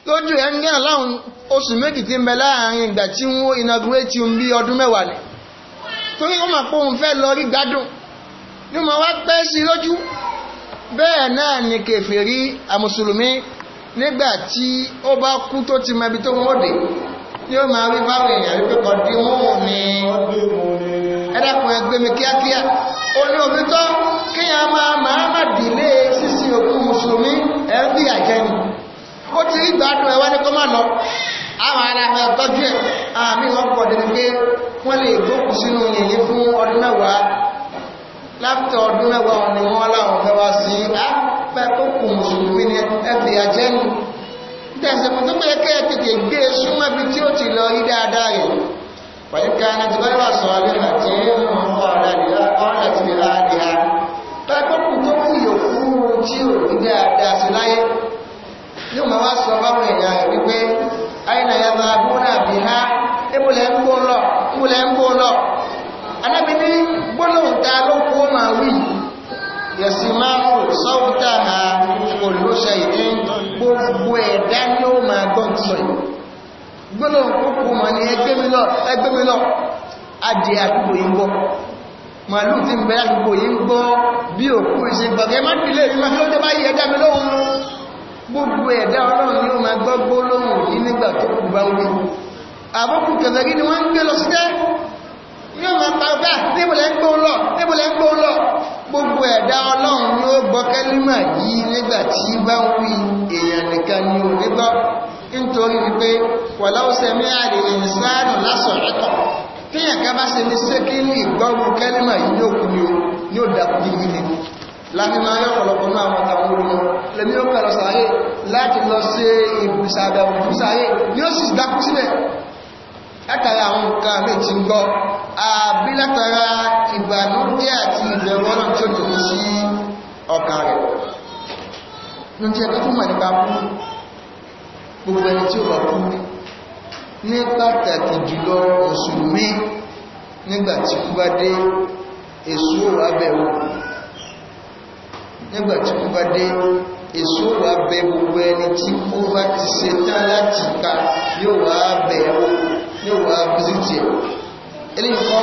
lójú ẹ̀ ń yá láhùn oṣù méjì tí ń bẹ láàrin ìgbà tí wọ́n inaugurate ń bí ọdún mẹ́wàá ni torí wọ́n máa fẹ́ lọ rí gbádùn ni ni kèfèrí nígbàtí ó bá kú tó ti mẹ́bi tó mọ́dé yóò máa rí báwọn èèyàn rí pẹ́kọ̀ dí mú ní ẹ̀dàkùn ẹgbẹ́ mi kíákíá ó ní òfítọ́ kí a máa máa má dìlé sísí òkú mùsùlùmí ẹ̀ẹ́bí àjẹni ó ti rí gbádùn ẹwà ní kọ́ máa lọ àwọn ará ẹ̀ tọ́jú ẹ̀ àmì wọn pọ̀ dẹni pé wọ́n lè gbókù sínú yìnyín fún ọdún mẹ́wàá láti ọdún mẹ́wàá ni wọ́n láwọn fẹ́ wá sí á pẹ́ tó kù mùsùlùmí ni ẹ̀fì àjẹ́nu tẹ̀sẹ̀kùn tó pẹ́ kẹ́ tètè gbé e súnmọ́ ibi tí ó ti lọ rí dáadáa rẹ̀ pẹ̀lú kí a ti bá wà sọ abẹ́ àti ọ̀rọ̀ àti ìlà àdìhà pẹ́pẹ́ kù tó kù yòókù tí ò rí dáadáa sí láyé yóò máa wá sọ báwọn èèyàn rẹ̀ wípé àyìnà ya máa bú náà bí ha ébùlẹ̀ ń bó lọ ébùlẹ̀ ń bó lọ anábìíní gbólóhùn ta ló kó máa wí yìí yẹ̀sìmáhù sọ́wọ́ta ha olóṣẹ́ ìdí gbogbo ẹ̀dá ní ó máa gọ́n sọ gbọ́nà kókò mọ̀ ní ẹgbẹ́mìlọ adìẹ àdúgbò yìí gbọ́ màálù ti ń bẹ̀rẹ̀ àdúgbò yìí gbọ́ bí òkú ìsin bàbẹ̀ má dìlé ìrìnmá tí ó ni wọ́n ń gbé yóò máa pa gbá níbùlẹ̀ ń gbóhùn lọ níbùlẹ̀ ń gbóhùn lọ gbogbo ẹ̀dá ọlọ́run ni ó gbọ́ kẹ́límà yìí nígbà tí bá ń wí èèyàn nìkan ni ò ní gbọ́ nítorí wípé wọ̀láwọ́sẹ̀ mẹ́àrí ìsáàrùn lásọ̀ ẹ̀tọ́ kíyàn ká bá ṣe ní sékílì gbọ́rù kẹ́límà yìí ní òkú ni ó ní ó dàkú yìí ni láti máa yọ ọ̀pọ̀lọpọ̀ náà wọn àwọn olùmọ̀ lèmi ó kẹ́lọ sàárè látara àwọn nǹkan àmì ti ń gbọ́ àbí látara ìbànújẹ́ àti ìbẹ̀rù ọ̀nà tí ó tòun sí ọkàn rẹ̀ ló jẹ́ tó fún màdìbà kú gbogbo ẹni tí ó bá kú ní pàtàkì jùlọ mùsùlùmí nígbàtí kú bá dé èso àbẹ̀wò nígbàtí kú bá dé èso àbẹ̀ gbogbo ẹni tí kú bá ti ṣe tán láti ka yóò wá bẹ̀wò ní òwò àpòsítì ẹ̀ eléyìí kọ́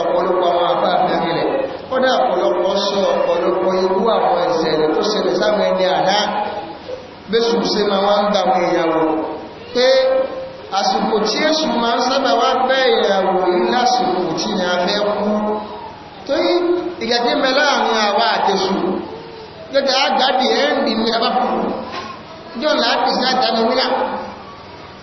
ọ̀pọ̀lọpọ̀ àwọn àbá àfẹ́rí rẹ̀ kọ́dá ọ̀pọ̀lọpọ̀ sọ ọ̀pọ̀lọpọ̀ irú àwọn ìṣẹ̀lẹ̀ tó ṣẹlẹ̀ sáwọn ẹni àná bẹ́sùn ṣe máa wá ń gba àwọn ìyàwó pé àsìkò tí èṣù máa ń sábà wá bẹ́ ìyàwó yìí lásìkò tí ìyàn fẹ́ kú tó yí ìgẹ̀dí mẹ́ láàrin àwa àtẹ̀sù gẹ́gẹ́ àgbàdì ẹ̀rìn ní ẹbá fún jọ́nà àpìsí àdánilá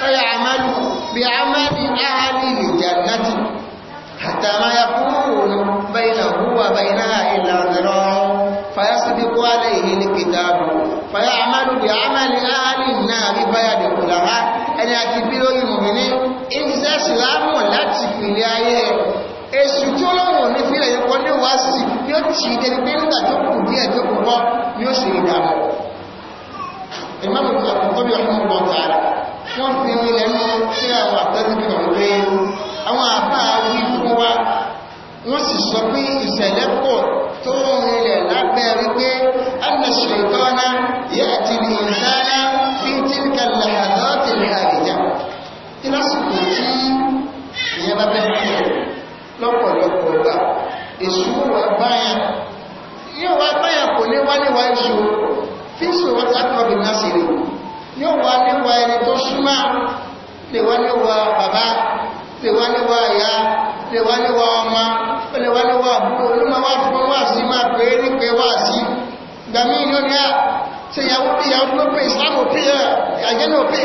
فيعمل بعمل أهل الجنة حتى ما يكون بينه وبينها إلا ذراع فيسبق عليه الكتاب فيعمل بعمل أهل النار فيدخلها ẹni àti bílò ìmòmìnì ìṣẹ́ ìsìlámù láti pìlẹ̀ ayé èṣù tí ó lọ́wọ́ ní fílẹ̀ yóò kọ́ ní wá sí yóò tí ìdẹni pé nígbà tó kù díẹ̀ tó kù bọ́ yóò ṣe ìdàmú ìmọ̀mù tó kọ́ bí ọmọ ọmọ tààrà wọ́n fi ní lẹ́nu tí àwọn àpẹẹrẹ kan pé àwọn àbá wí fún wa wọ́n sì sọ pé wá níwá ọmọ ó lè wá níwá àbúrò olúmọ wá fún wá sí máa pè ní pé wá sí gbàmí inú ni a ṣe ìyàwó pé ìyàwó ló pé ìsìlámù pé àjẹ́nà pé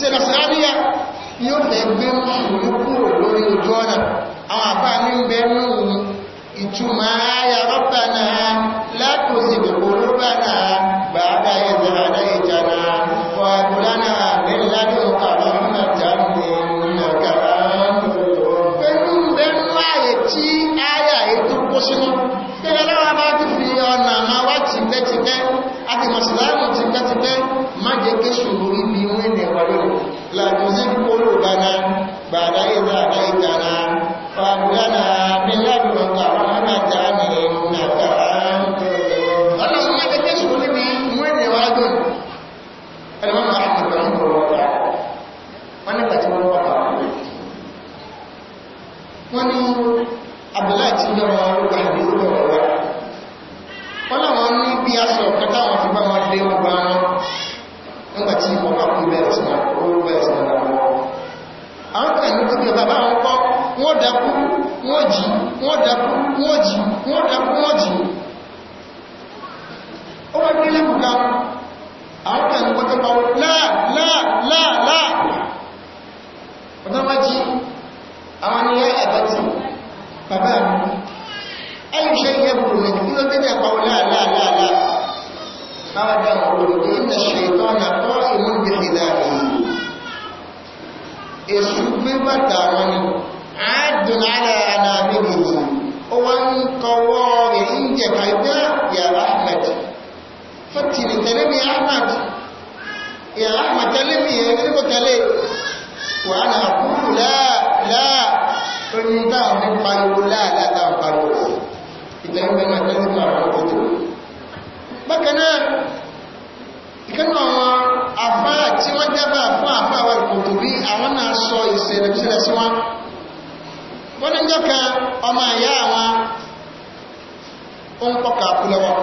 ṣe nàṣàlánìyà yóò fẹ́ gbé mùsùlùmí kúrò lórí ojú ọ̀nà àwọn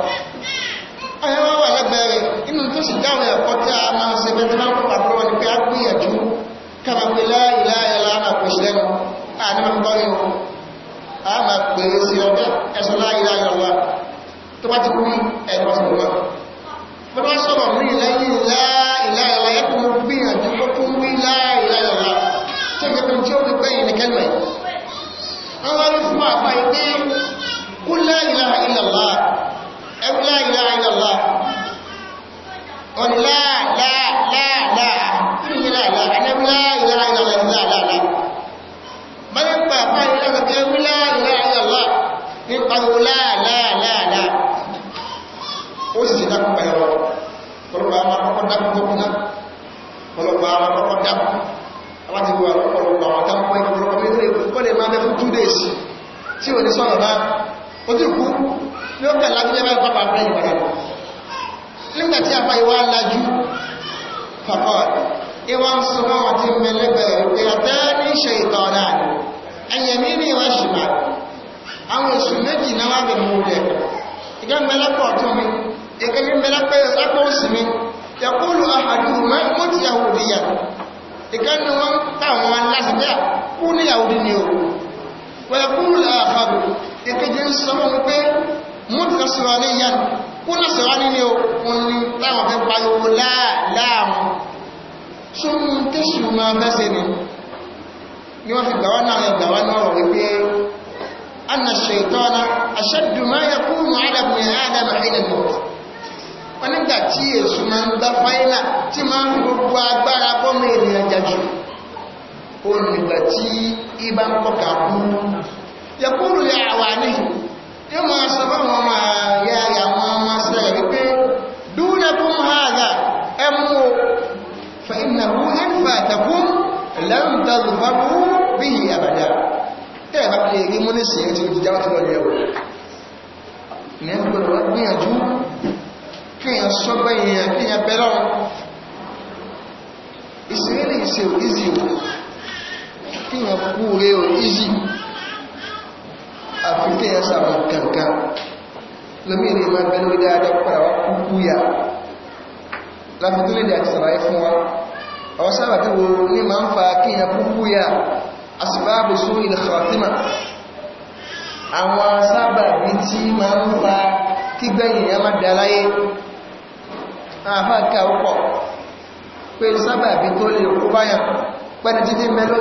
ẹ̀yẹ́ wá wà lẹ́gbẹ̀ẹ́ rẹ̀ inú tó sì dáwọn ẹ̀kọ́ tí a máa ṣe bẹ́tẹ̀ máa ń pọ̀ pàtó wọn ni pé a gbìyànjú kàmàpé láìláyà lánà kò ṣe lẹ́nu àdínà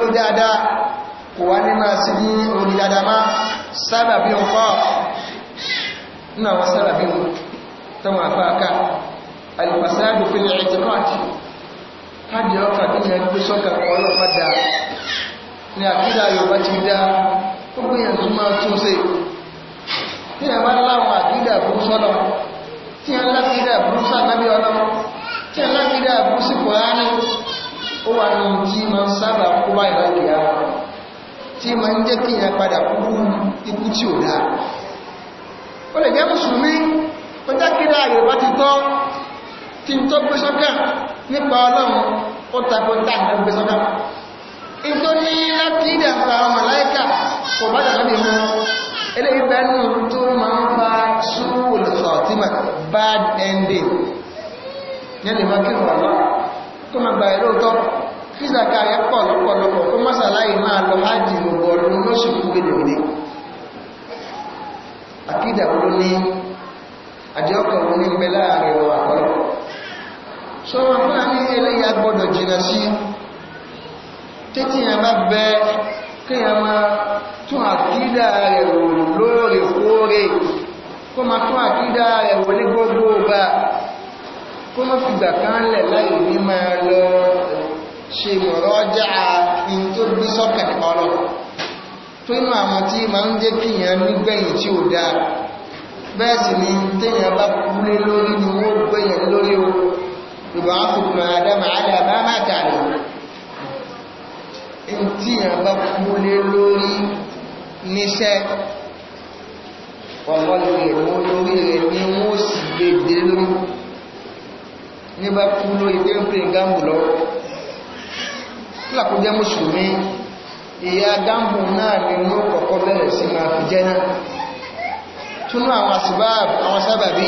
lórí dáadáa kò wá ní máa sí ní orí dáadáa máa sábàbí ọkọ̀ ní àwọn sábàbí wọn tó máa fà ká alìfàsáàdù fílẹ̀ ẹ̀tìkọ́tì káàdì ọkà kí yẹn gbé sọ́kà ọlọ́pàá dáa ni àkídà Yorùbá ti dáa ó gbìyànjú máa tún sí tí ẹ bá láwọn ma ń sábà kó bá ìbáyìí ara tí ma ń jẹ́ kí ìyẹn padà kúrú ikú tí ò dáa ó lè jẹ́ mùsùlùmí ó jẹ́ kí dáa rẹ̀ bá ti tọ́ tí n tó gbé sọ́kà nípa ọlọ́run ó bad ending yẹn lè máa kí n wà tó máa gbà ẹ̀ lóòótọ́ kí zaka rẹ̀ pọ̀ lọ́pọ̀lọpọ̀ kó mọ́sàláyì máa lọ ájì gbogbo ọdún lóṣù fún gbèdègbèdè àkídà wo ní àdíọ́kọ̀ wo ní pẹ́ láàrin ọ̀rọ̀ àkọ́lọ̀ sọ́wọ́n fún àní eléyà gbọ́dọ̀ jìnà sí tẹ́tí yẹn bá bẹ kí yẹn máa tún àkídà rẹ̀ wò lóòrèkóòrè kó máa tún àkídà rẹ̀ wò ní gbogbo ọba kó má fìgbà kan lẹ̀ láì ní máa lọ ṣe mọ̀rọ̀ já in tó gbé sọ́kẹ̀ ọlọ́ tó inú àwọn tí ma ń jẹ́ kí èèyàn nígbẹ̀yìn tí ó dáa bẹ́ẹ̀ sì ni téèyàn bá kúlé lórí ni wọ́n gbẹ̀yìn lórí o ìbá fòkùn àdámà àdámà má tààrí lọ́wọ́ kílàkó jẹ́ mùsùlùmí ìyá dámbù náà ni ló kọ̀kọ́ bẹ̀rẹ̀ sí máa fi jẹ́ náà túnú àwọn sábàbí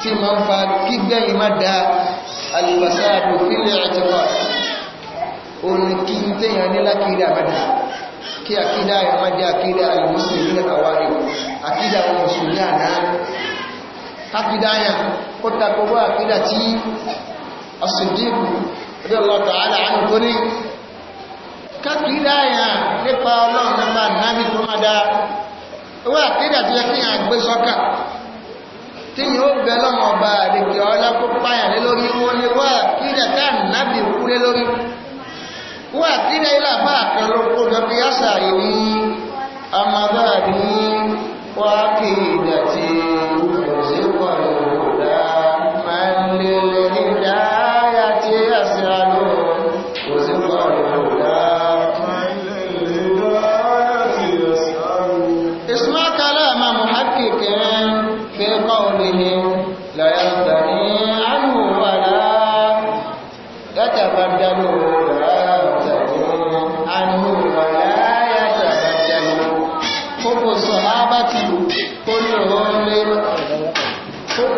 tí ma ń fa kígbẹ̀yìn má da alìbàsáàdù fílẹ̀ ẹ̀tẹ̀kọ̀ orin kí n tẹ́yàn ní lákìrí àmàdà kí àkídà ìmọ́dé àkídà alìmùsùlùmí náà wáyé àkídà àwọn mùsùlùmí àná àkídà àyà kó takọwọ́ àkídà tí asìdíkù radiyallahu ta'ala anhu tó ní kákìlá yàn nípa ọlọ́run nípa náàbí tó máa dáa owó àkídà tó yẹ kí yàn gbé sọ́kà tí yìí ó bẹ lọ́mọ ọba àdìkì ọlá kó páyàn lé lórí wọn ni wọ́n àkídà tá náàbí kú á kì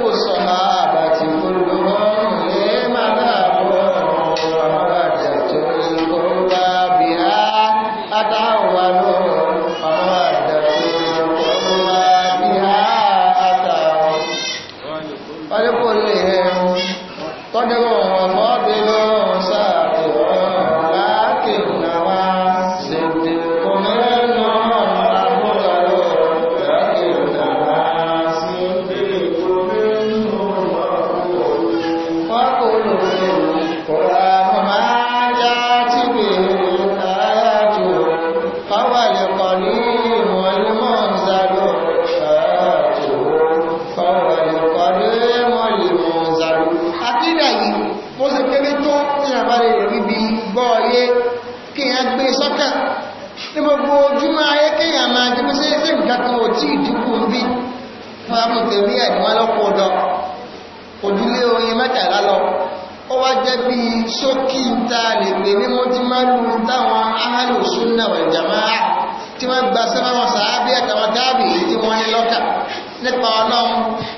Bolsonaro. lu táwọn ahálù súnà wal jamaa tí wọ́n gba sẹ́wọ́n sàábí àtàwọn tábì tí wọ́n ní lọ́kà nípa ọlọ́run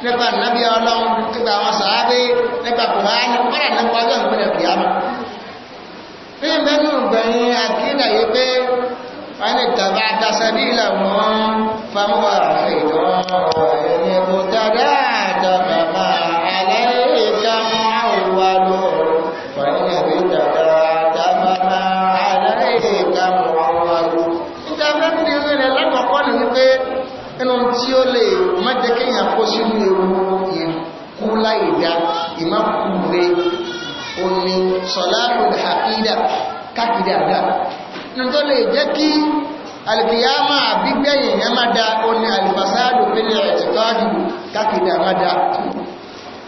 nípa nàbí ọlọ́run nípa àwọn sàábí nípa kùránì kọ́lá nípa ọjọ́ ìpínlẹ̀ kìámà ní mẹ́nu gbẹ̀yìn àkídà yìí pé wọ́n ní tàbá àtàṣẹ́bí ìlà kéèyàn kó sínú ewu ìkú láìdá ìmákùnlé omi sọ̀láàrù àkídà kákìdà dá nítorí tó lè jẹ́ kí alìkìyàmà àbígbẹ̀yìn yẹn má dá oní alìfàsáàdù pínlẹ̀ ẹ̀tìtọ́dù kákìdà má dá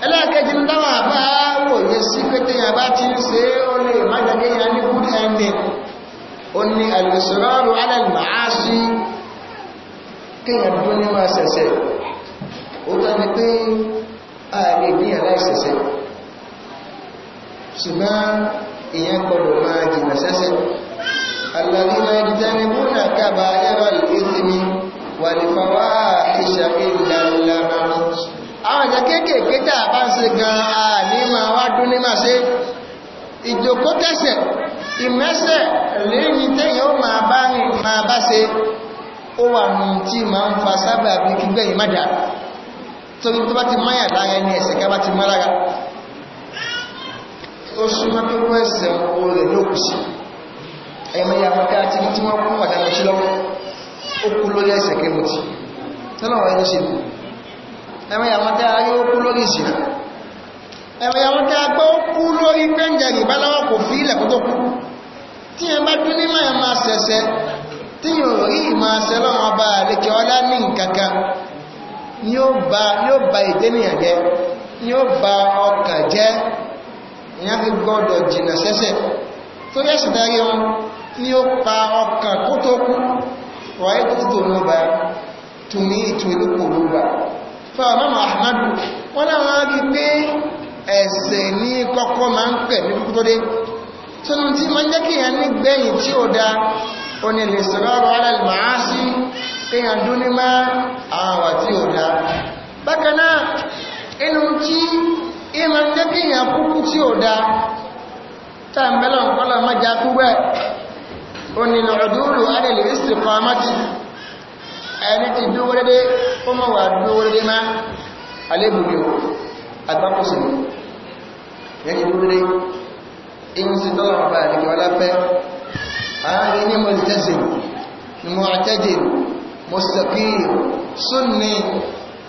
ẹlẹ́ẹ̀kẹ́jì ń dáwà bá wòye sí pétéyàn bá ti ń ṣe ó lè má jáde yẹn ní good ending oní alìsọ̀rọ̀rù alẹ́lùmáàṣí kéèyàn dúró ní máa ṣẹ̀ṣẹ̀ ṣùgbọ́n èyàn gbọdọ̀ máa jìnà sẹ́sẹ̀ alàrínà ìjẹ́nibúnà kàbà ẹ̀rọ ìfẹ́sìmí wà ní fàwà ìṣàfẹ́ ìlànà àwọn ìjẹ́ kéèkéèké tà bá ń ṣe gan-an ní máa wá dún ní máa ṣe ìjòkó tẹ́sẹ̀ ìmẹ́sẹ̀ lẹ́yìn tẹ́yìn ó máa bá rìn máa bá ṣe ó wà nù tí máa tó bá ti máyà lára ẹni ẹ̀sẹ̀ bá ti má lára tó súnmọ́ tó kọ́ ẹ̀sẹ̀ owó rẹ̀ lókù sí ẹ̀mẹ́yà mọ́ká tí tí wọ́n kún ọ̀dánà sí lọ́wọ́ ó kú lórí ẹ̀sẹ̀ kémùtì tọ́lọ̀wọ̀ ẹ̀rọ sí ẹ̀mẹ́yà mọ́ká yóò kú lórí ìsìnà ẹ̀mẹ́yà mọ́ká gbọ́ ó kú lórí pẹ́ǹjẹ̀ nìbáláwà kò fi ilẹ̀ kó tó kú bá dún ní máa máa sẹ̀sẹ̀ tí yóò rí máa sẹ lọ́wọ́ bá àlékẹ́ ọlá ní nǹkankan ni ó ba ìdẹ́nìyàn jẹ́ ni ó ba ọkàn jẹ́ ìyá fi gbọ́dọ̀ jìnà sẹ́sẹ̀ tó yẹ́ sì darí wọn ní ó pa ọkàn kó tó kú wáyé tó tó ló bá tùmí ìtù ìlúkò ló bá fáwọn mọ́mọ́ ahmadu wọ́n láwọn rí pé ẹ̀sẹ̀ ní kọ́kọ́ máa ń pẹ̀ ní kúkú tó dé tínú tí ma ń jẹ́ kí ẹni gbẹ̀yìn tí ó dá onílè sọ̀rọ̀ alẹ́lmàásí kíyàn dún ní máa àwọn àti ó dá bákanáà inú tí ìmọ̀ jẹ́ kí èyàn kúkú tí ó dá tàbílọ̀ kọ́lọ̀ mọ́já kúgbẹ́ onínà ọdúnrù adẹ̀lẹ̀ istiqamati ẹni ti dúró dédé ó mọ̀ wà dúró dédé má alébùdó agbákòsò yẹn ti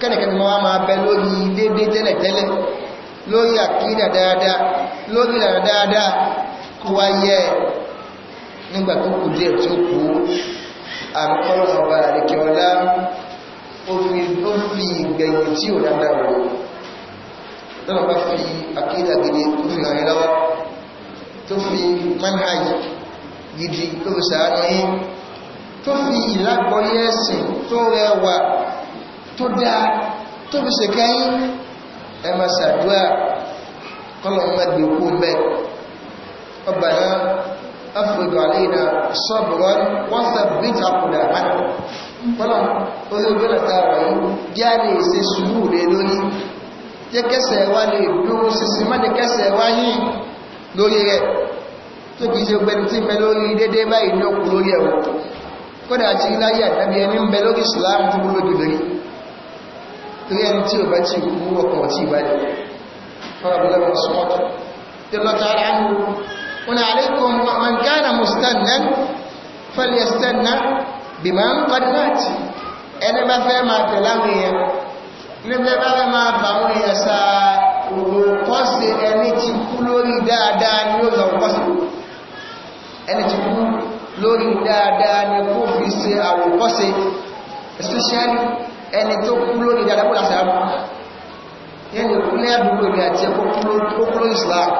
kẹ́nìkan ma ma bẹ lórí dédé tẹ́lẹ̀tẹ́lẹ̀ lórí àkídà dáadáa lórí ìlànà dáadáa kó wá yẹ nígbà tó kù díẹ̀ tí ó kú àkọlọ̀ọ̀bà àríkẹ́ ọlá ó fi ìgbẹ̀yìn tí ò dáadáa rẹ̀ tọ́nà bá fi àkídà gidi tó fi ràn lọ́wọ́ tó tó rẹwà tó dáa tó fi ṣèkẹ́ yín ẹ máa ṣàdúrà kọ́lọ̀ máa gbé kú mẹ́ ọba náà afrid alaina sabran wa thabbit aqdana kọ́lọ̀ orí ọgbọ́nà ta wà yìí jẹ́ àlè ṣe sùúrù lé lórí jẹ́ kẹsẹ̀ wá lè dúró sísí má jẹ́ kẹsẹ̀ wá yìí lórí rẹ̀ tó kìí ṣe gbẹni tí mẹ lórí dédé báyìí lókù lórí ẹ̀wọ̀n kódà àti iláyà tàbí ẹni ń bẹ lórí ìsìláàmù tó gbúlò jùlọ torí ẹni tí ò bá ti wúwọ̀ kan ọ̀tí ìbálẹ̀ fọ́nàbọ́lọ́wọ́ sọ́ọ̀tọ̀ yọ́lọ́tàrà ń wọ́n àríkùn man kánà mustannan fọ́lẹ̀stanna bí ma ń kọ́dí láti ẹni bá fẹ́ máa tẹ̀lá wíyẹn ní bẹ́ bá especially ẹni tó kú lórí dada kó lásà rú ẹni kú lẹ́ẹ̀dúgbò rẹ̀ àti ẹkọ́ kúrò islam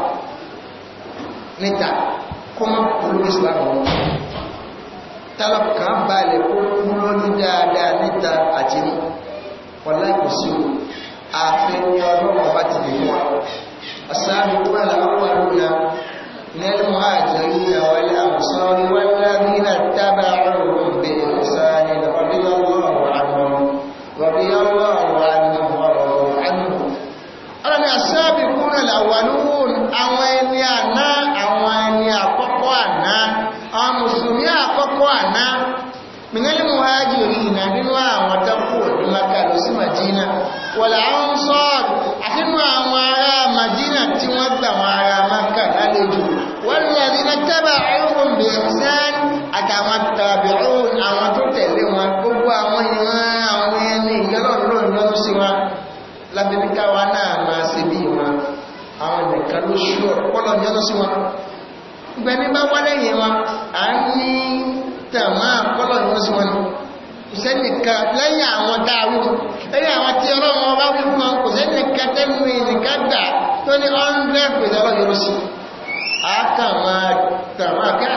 níta kó mọ́ kúrò islam wọn tálọ́kàn balẹ̀ kó kú lórí dáadáa níta àti ní ọ̀lá ìkùsí ààfin ọlọ́pàá bá ti lè mọ́ asáàbí kúrò àlàáwọ̀ àrùn náà sí wọn gbogbo ẹni bá wá lẹ́yìn wa à ń ní tàmá àpọ́lọ̀ ni wọ́n sí wọn ni ìsẹ́nìkan lẹ́yìn àwọn dáwí lẹ́yìn àwọn tí ọlọ́run bá wí fún wọn kò sẹ́nìkan tẹ́nu ìnìkan gbà tó ní ọ́nrẹ́ pèsè ọlọ́run yóò sí àtàmà tàmá ká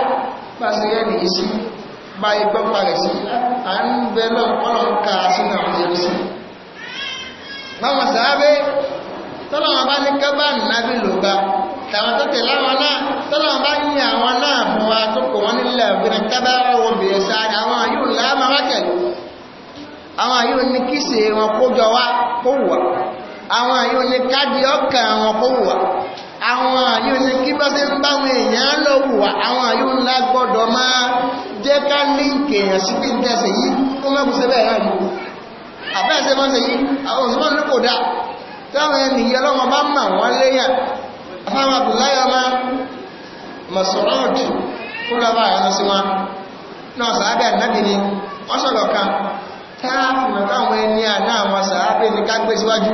tàwọn tó tẹ̀lá wọn náà tọ́lọ̀ bá yí àwọn náà fún wa tó kò wọ́n nílẹ̀ obìnrin tábára wọn bèèrè sáré àwọn yóò láàmà wá tẹ̀lú àwọn yóò ní kíṣe wọn kójọ wá kó àwọn yóò ní káàdì ọkàn wọn kó àwọn yóò ní kí bá ṣe ń bá wọn èèyàn àwọn ńlá gbọ́dọ̀ máa jẹ́ ká sí n yìí afáwọn abdullahi ọmọ masorod kúrò bá yọ́nà sí wọn náà sàábẹ̀ ànábì ni wọ́n sọ̀rọ̀ taa táàfìmọ̀ táwọn ẹni àná àwọn sàábẹ̀ ní ká gbé síwájú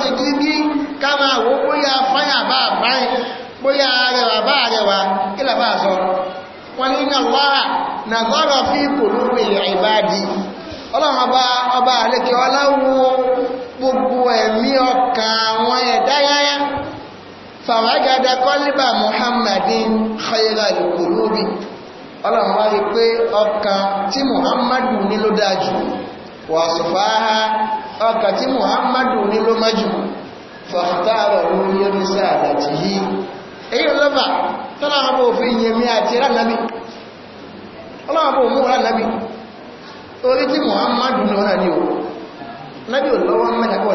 ni fi kama fanya fàwágádá kọ́líbà muhammadin khayra al-qulubi ọlọ́run wá rí pé ọkàn tí muhammadu ní ló dájú wà sọfáhá ọkàn tí muhammadu ní ló májú fàtàrọ̀ lórí oníṣẹ́ àdàtì yìí èyí lọ́bà tọ́láwọ́ òfin yẹmí àti ránàbí ọlọ́wọ́ mú ránàbí orí tí muhammadu ní ọ̀nà ni ò ò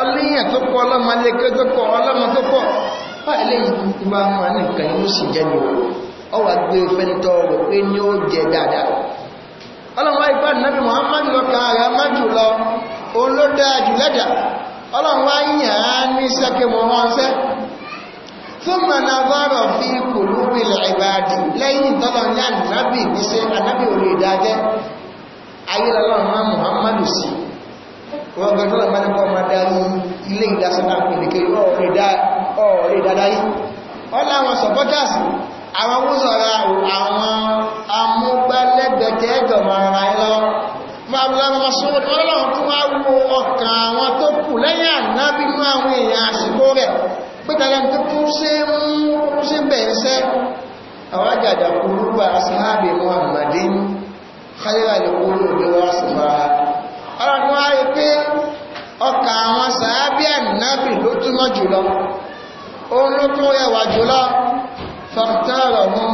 ọlẹ́yìn tó pọ̀ ọlọ́mọlẹ́kẹ́ tó pọ̀ ọlọ́mọ tó pọ̀ fáìlẹ́yìn tó bá mọ́ ní nǹkan yóò sì jẹ́ ní wọ́n gan tọ́lọ̀ máa ní kọ́ máa darí ilé ìdásọ́nà ìdíkẹ́ ọ̀rẹ́ dáadáa ọlá àwọn supporters àwọn wúzọ̀rọ̀ àwọn amúgbálẹ́gbẹ̀ẹ́ ẹjọ́ máa ra ẹ lọ máa sọ́wọ́n ọlọ́run tó wá wo ọkàn àwọn tó kù lẹ́yìn ànábínú àwọn èèyàn àsìkò rẹ̀ pẹ́tàlẹ́ tó tún ṣe ń bẹ̀rẹ̀ sẹ́ àwọn àjàjà wá rí pé ọkà àwọn sàábí ànábì ló túmọ̀ jùlọ òun ẹwà jùlọ fọ́tọ́rọ̀ mú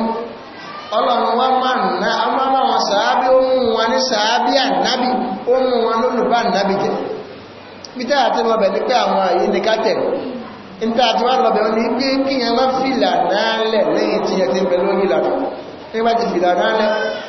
ọlọ́run wá márùn-ún àwọn sàábí ó wọn ní sàábí ànábì ó wọn lólùbá ànábì jẹ pítà àti lọ́bẹ̀ ní pé àwọn àyè ní kátẹ̀ níta àti ní pé kíyàn fìlà náà lẹ̀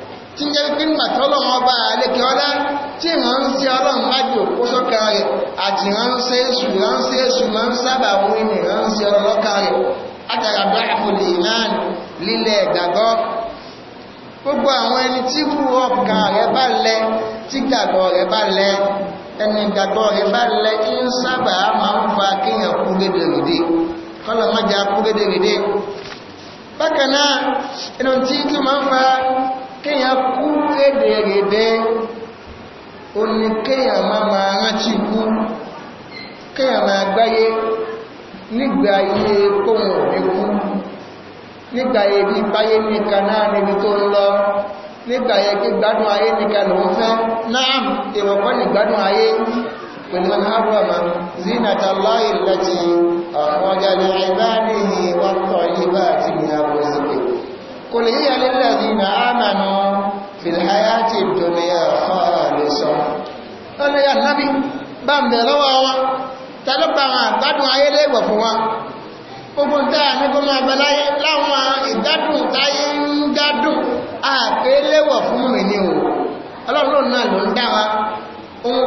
tí ń jẹ́ pé ń gbàtọ́ lọ́wọ́ bá alékè ọlá tí ìránṣẹ́ ọlọ́run bá jò kó sọ́kà rẹ̀ àti ìránṣẹ́ èṣù ìránṣẹ́ èṣù máa ń sábà wí ní ìránṣẹ́ ọlọ́kà rẹ̀ látàràdá àfòlè ìmáàlì lílẹ̀ ìgbàgbọ́ gbogbo àwọn ẹni tí kú ọkà rẹ̀ bá lẹ tí gbàgbọ́ rẹ̀ bá lẹ ẹni gbàgbọ́ rẹ̀ bá lẹ kí ń sábà máa ń fa kéèyàn kú rédèrèdè kọ́lọ̀ má kú rédèrèdè bákan náà ẹni tí kí máa ń fa kéèyàn kú èdè rèdè o ní kéèyàn má máa rántí kú kéèyàn máa gbáyé nígbà ayé kóhùn òbí kú nígbà ayé bí báyé nìkan náà níbi tó ń lọ nígbà ayé kí gbádùn ayé nìkan ló ń fẹ́ náà ìrọ̀kọ́ ní gbádùn ayé pẹ̀lú ọmọ zínàtà láìlẹ́tì ń bẹ̀ lọ́wọ́ wa ta ló pa àwọn àgbádùn ayé léèwọ̀ fún wa gbogbo dáa ní gbogbo abẹ́láyé láwọn ìgbádùn táyé ń gbádùn àpé léèwọ̀ fún mi ni o ọlọ́run náà ló ń dá ohun ò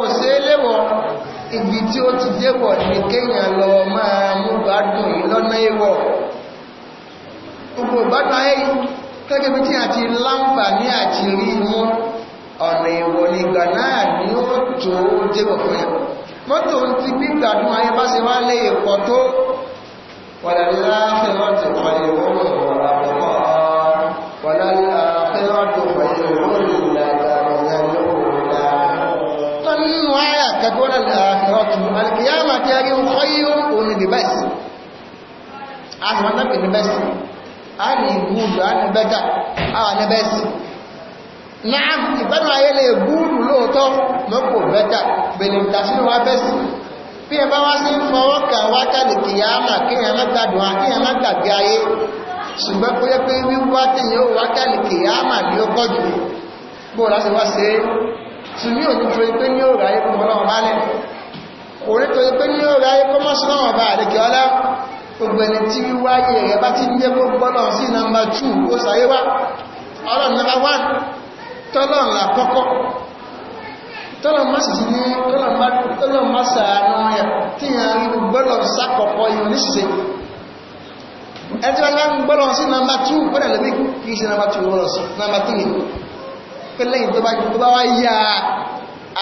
ó ti déwọ̀ ní kéèyàn lọ máa mú gbádùn yìí lọ́nà èèwọ̀ gbogbo ìgbádùn ayé gẹ́gẹ́ bí tí a ti láǹfààní àti rí mú ọ̀nà èèwọ̀ nígbà náà ni ó tó déwọ̀ fún yàtọ̀ mọ́tò ń ti gbígbàdún ayé bá ṣe wá lé ìpọ̀ tó wàlàlá fẹ́ràn ti pàdé wọ́n wọ̀rọ̀ àpọ̀pọ̀ wàlàlá fẹ́ràn tó pàdé wọ́n lè lágbàrọ̀ yà lọ́wọ́ náà ìgbádùn ayé lè gúrù lóòótọ́ mọ́kò bẹ́ta bèlèǹtà sínú wá bẹ́sì bí ẹ bá wá sí fọwọ́ kan wákàlì kìyàmà kíyàn mẹ́gbàdùn àkíyàn mẹ́gbàgbé ayé ṣùgbọ́n kó yẹ pé wíwá tí yóò wákàlì kìyàmà ní ó kọjú bó láti wá sí tùmí òní tó pé ní òòrùn ayé kọmọ lọ́wọ́ bá lẹ̀ òní tó pé ní òòrùn ayé kọmọ sí lọ́wọ́ bá àdékẹ́ ọlá gbogbo ẹni tí wíwá ayé rẹ̀ bá ti ń jẹ́ gbogbo náà sí nàmbà 2 ó sàyé wá ọlọ́run nàmbà 1 tọ́lọ̀n lákọ́kọ́ tọ́lọ̀n má sì ní tọ́lọ̀n má sàánú ẹ̀ tí a rí gbọ́lọ̀ sákọ̀kọ́ yìí níṣẹ́ ẹjọ́ ńlá ń gbọ́lọ̀ sí nàmbà 2 pẹ́lẹ̀ lẹ́bí kì í ṣe nàmbà 2 gbọ́lọ̀ sí nàmbà 3 pẹ́lẹ̀ yìí tó bá jù tó bá wá yá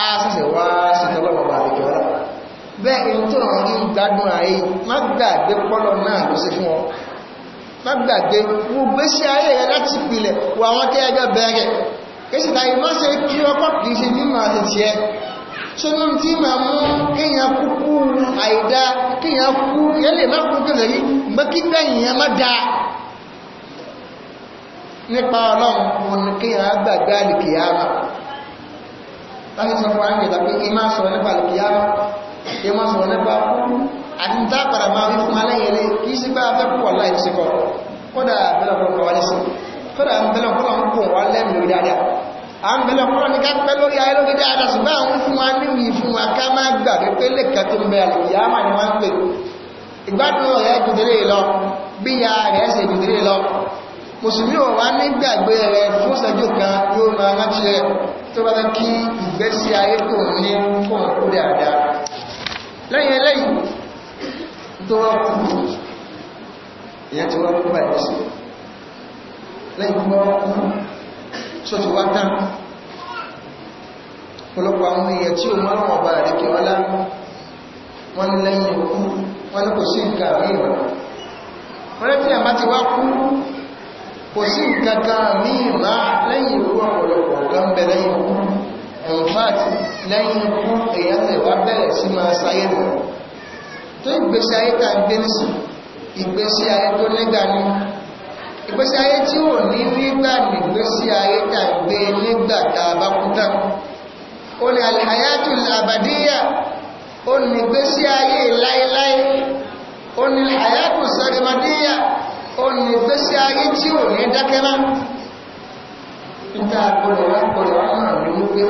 a ṣẹ̀ṣẹ̀ wá sí tọ́lọ̀n bá rẹ̀ jọ́lá bẹ́ẹ̀ tó rán ayé má láti pìlẹ̀ wọ àwọn tẹ́ẹjọ́ bẹ̀rẹ̀ èsìta ìmá ṣe kí ọkọ̀ kìí ṣe mímọ̀ àti ti ẹ ṣe mú tí ma mú kíyàn kúkú àìdá kíyàn kú yẹn lè má kú kẹlẹ̀ rí mọ́ kígbẹ́ ìyẹn má dáa nípa ọlọ́run ní kíyàn gbàgbé alìkìyàmà láti sọ fún àmì ìdàpé ìmá sọ nípa alìkìyàmà ìmá sọ nípa kú àti ní tápàdà máa wí fún alẹ́yẹlé kìí sí kọ́dà ń bẹ́lẹ̀ fún àwọn kòwà lẹ́mì lórí dáadáa a ń bẹ́lẹ̀ fún ọ̀nà kápẹ́ lórí ayé lórí dáadáa ṣùgbọ́n àwọn fún wa níwì fún wa ká má gbà pípé lè kà bẹ ni wọ́n ń pè ìgbádùn ọ̀rẹ́ jùdílé lọ bí ya rẹ̀ ṣe jùdílé lọ mùsùlùmí ò wá nígbàgbé rẹ̀ fún ṣẹ́jú kan yóò máa rántí rẹ̀ tó bá fẹ́ kí ìgbésí ayé tó ń ní fún òkú dáadáa lẹ́yìn eléyìí tó wọ́n ìyẹn tí wọ́n kú báyìí lẹ́yìn gbọ́rọ̀ tó ti wá tán ọ̀pọ̀lọpọ̀ àwọn èèyàn tí o mọ́rọ̀ ọba rẹ̀ kí wọ́n lá wọ́n ní lẹ́yìn ikú wọ́n ní kò sí nǹkan míì mọ́ wọ́n rẹ́ tí àmá ti wá kú kò sí nǹkan kan míì má lẹ́yìn ikú ọ̀pọ̀lọpọ̀ gan bẹ lẹ́yìn ikú in fact lẹ́yìn ikú èèyàn lè wá ìgbésí ayé tó nígbà ní ìgbésí ayé tí ò ní nígbà nìgbésí ayé tàgbé nígbà tàbá kúta ó ní alhayatu labadiyya ó ní ìgbésí ayé láíláí ó ní alhayatu sarimadiyya ó ní ìgbésí ayé tí ò ní dákẹ́má níta agbọ́dọ̀ wá gbọ́dọ̀ wá hàn ní wípé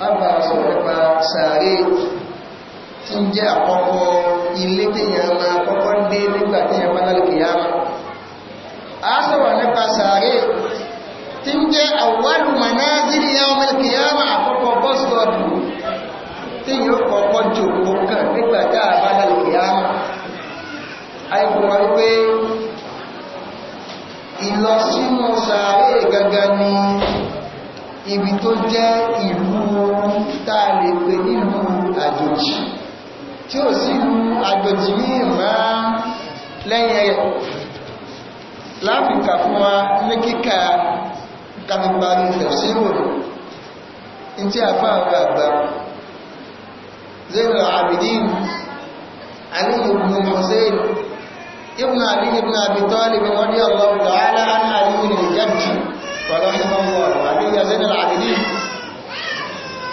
lábà sọ̀rọ̀ nípa sàárè tí ń jẹ́ àkọ́kọ́ ilé téèyàn máa kọ́kọ́ dé nígbà téèyàn bá lálẹ́ kìyàmá a sọ̀rọ̀ nípa sàárè tí ń jẹ́ àwọ̀lù manazili yawmal kìyàmá àkọ́kọ́ bọ́sọ̀dù téèyàn kọ́kọ́ jòkó kan nígbà tá a bá ni ibi tó jẹ́ ìlú táà lè pè nílùú àjòjì tí ó sì ìlú àjòjì ní ìmá lẹ́yìn ẹ̀yẹ̀ láfíkà fún wa ní kíkà kàtàkùnbà ní tẹ̀síwò tí a fáwọn àgbà zainul abidin aliyu ibn hussein ibn ali ibn abi talib radiyallahu ta'ala an aliyu ibn rọ̀lọ́hìmọ́ wọ̀rọ̀ àbíyà zainal abidin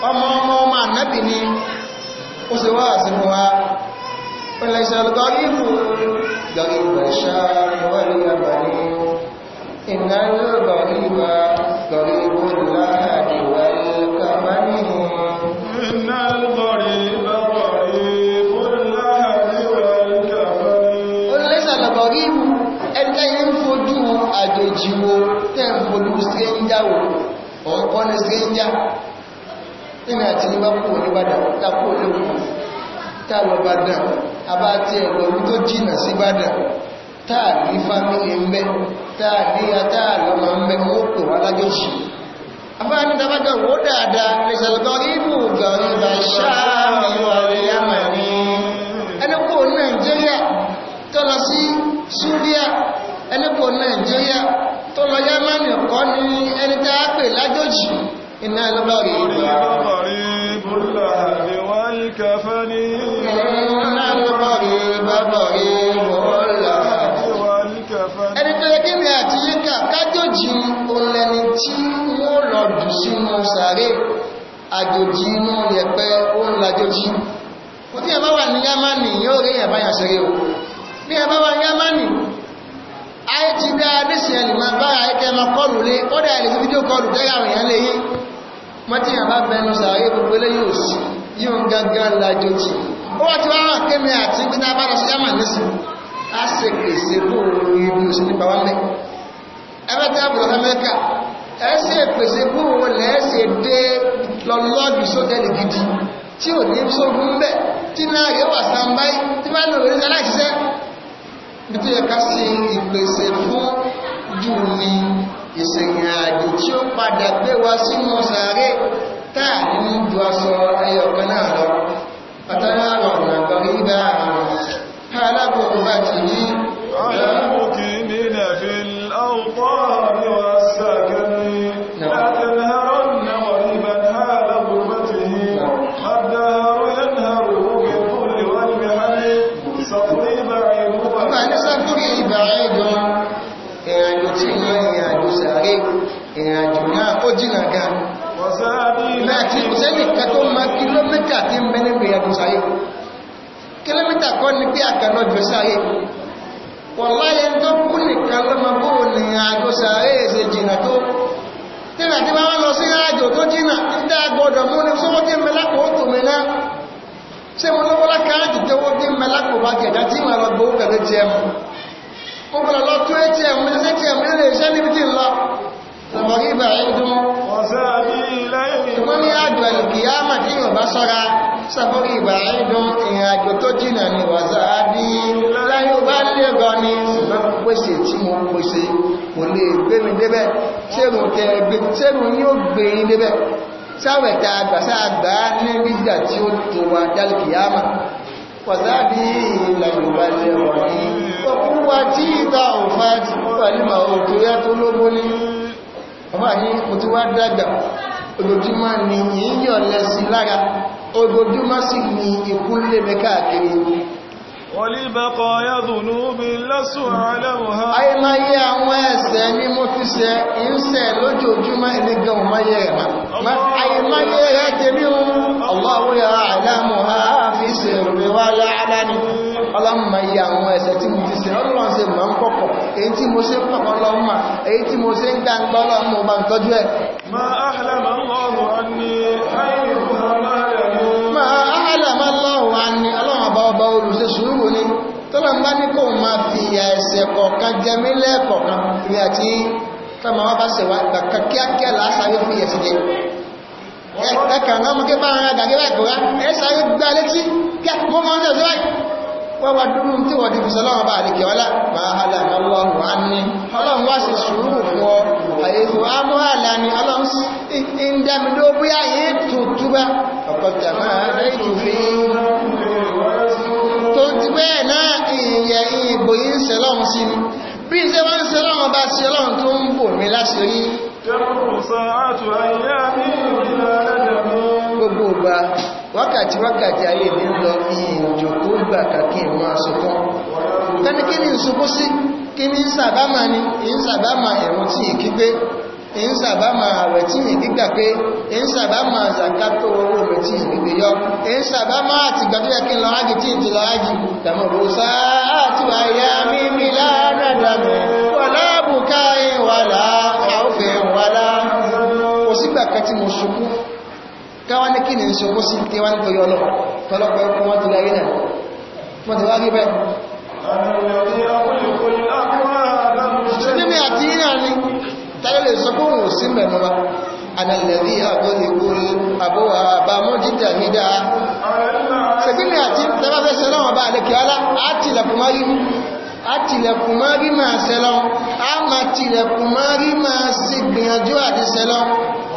ọmọ ọmọ ọmọ annabi ni ó sì wá àsìnkú wa pẹ̀lẹ̀ ìṣẹ̀lẹ̀gọ́rìbù gọ̀rìbù ẹ̀ṣà wọ́lẹ̀ àbàní ìnáyọ̀gọ̀rìbà gọ̀rìbù láàrín wọ́lẹ̀ kàmánì àjòjì wo tẹ́ ń bolú síẹ́njá wò ọ̀pọ̀ ní síẹ́njá nínú àti ní bá kú oníbàdàn takú olóògùn tá lọ bàdàn abá tí ẹ̀ lọ tó jìnà sí bàdàn táà ní fámílì ń bẹ táà ní àtàlọ́mọ ń bẹ wọ́n pè wá lájọ́sì abá ní tàbátà wó dáadáa lè sàlùkọ́ ibù gàríbà sáàmì wàrí àmàrí ẹnìkò nàìjíríà tọ́lọ sí súríà ẹnìkò nàìjíríà tó lọ yámánì ọ̀kọ́ ní ẹni tẹ́ á pè lájòjì iná lọ́rọ̀ ẹni tó yẹ kí ni àti yíká kájòjì òun lẹni tí wọ́n lọ jù sínú sàárè àjòjì inú yẹ̀pẹ̀ òun làjòjì ó tí ẹ bá wà ní yámánì yóò rí ẹ̀bá yà sẹ́rẹ̀ o bí ẹ bá wà ní yámánì ayé ti bí adéṣì ẹlì máa bá ayẹ́kẹ́ máa kọlù lé ó dẹ̀ ẹ̀lì fídíò kọlù jẹ́gà àwọn èèyàn lè yí mọ́tí àbá bẹnu sàárè gbogbo lé yóò sí yíò gangan lájò tí ó wá ti wá wà kémi àti gbígbá bá lọ sí yàmà nísìn á sì pèsè fún a bùrọ̀ amẹ́ríkà ẹ sì pèsè fún òun lẹ́ẹ̀sì dé lọ́lọ́dún sódẹ́lì gidi tí ò ní sógun bẹ́ẹ̀ tí náà yóò wà sàmbáyé tí máa ń lò lórí bí tó yẹ ká ṣe ìpèsè fún jù ní ìsìnkìn àjò tí ó padà gbé wa sínú sàárè táà nínú ju aṣọ ẹyọkan náà lọ àtàrà àwọn àgbàrí àgànà jù sáyé wọ̀láyé tó kú nìkan lọ́mọ bó ní àjò sàárè èsè jìnà tó tíra tí wọ́n lọ sí àjò tó jìnà níta gbọdọ̀ mú ní sọ́wọ́ tí mẹ́lápò ó tò mẹ́lá ṣé mo lọ́wọ́ láka àjò tó wọ́n tí mẹ́lápò bá gẹ̀dá tí mà lọ gbowó pẹ̀lú atm lórí àjò alìkìyàmà tí yóò bá sọ́ra sàbórí ìgbà àìdùn ìrìn àjò tó jìnà ní wàzà bí láyé bá lè gọ ní ṣùgbọ́n pèsè tí mo pèsè mo lè gbé mi débẹ̀ tẹ́rù yóò gbé yín débẹ̀ sáwẹ̀ta àgbàsá àgbà ní gbígbà tí ó tó wà dálìkìyàmà wàzà bí láyé bá lè gọ ní ọkùnwà tí ìta òfà ti pàlímà òkúrẹ́ tó lóbó ní ọmọ àní kò tí wá dàgbà ojoojúmọ́ ni èyíyàn lẹ́sí lára ojoojúmọ́ sí ni ìkúnlé mẹ́kàkiri olíbẹ̀kọ̀ yẹ́dùnú bí lọ́sùn alẹ́wọ̀há ayé máa yẹ àwọn ẹ̀ṣẹ̀ ní mo fi ṣe ìṣẹ́ lójoojúmọ́ ẹ̀lẹ́gbẹ̀ ọmọ yẹ rẹ̀ ma ayé máa yẹ rẹ̀ tẹ́lẹ̀ ohun ọlọ́wọ́ yẹ ọlọ́mà iye àwọn ẹ̀ṣẹ̀ tí mo ti ṣẹ̀ ọlọ́run ṣe mọ́ ń pọ̀pọ̀ èyí tí mo ṣe ń pọ̀pọ̀ lọ́mà èyí tí mo ṣe ń gbangba ọlọ́mà ọba ń tọ́jú ẹ̀ tọ́lọ̀mbá ní kò máa fi ìyà ẹ̀ṣẹ̀ kọ̀ọ̀kan jẹ mílẹ̀ kọ̀ọ̀kan rí àti tọ́mọ wá bá ṣẹ̀wà ìgbàkan kíákíá lásàrí fún ìyẹ̀ṣẹ̀ jẹ ẹ̀kàn ọmọ kí bá ara gàgẹ́bà ìkòrá ẹ̀ṣàrí gbà létí kí àkókò mọ́ ọ̀rẹ́ wọ́n wá dúró tí wọ́n ti fi sọ́lọ́wọ́ bá àríkẹ̀ ọlá máa hàlà ọlọ́run wá ní ọlọ́run wá sí sùúrù wọ àyèkò amóhàlà ni ọlọ́run ń dámidó bóyá yìí tuntun bá ọ̀pọ̀tà máa rẹ̀ sí gbogbo ìgbà wákàtí wákàtí ayé mi ń lọ ìjò tó gbà kàkí ìmọ̀ àsọ̀tọ́ tẹ́ni kí ni ìṣubú sí kí ni ìsàbámà ni ìsàbámà ẹ̀rùn tí ìkí pé ìsàbámà àwẹ̀ tí ìkí gbà pé ìsàbámà àzàkátó owó rẹ̀ tí ìgbìgbè yọ ìsàbámà àti gbàdúrà kí lọ ági tí ìtì lọ ági ti mo ṣubú káwá ní kí ní ń sọkó sí tí wá ní torí ọlọ́ tọ́lọ́pọ̀ ẹkùn wọ́n ti láyé náà wọ́n ti wá rí bẹ́ẹ̀ Àdàlẹ̀rí àbọ́lẹ̀kú àbúwà àbámọ́jíta nídá. Ṣèbílẹ̀ àti tẹ́bàfẹ́ sẹ́lọ́wọ̀n bá àdẹ́kẹ̀ ọlá, á tìlẹ̀kùn máa rí àtìlẹ̀kùn máa rí máa sẹ́lọ́wọ̀n, á máa tìlẹ̀kùn máa rí máa sí gbìyànjú àti sẹ́lọ́wọ̀n.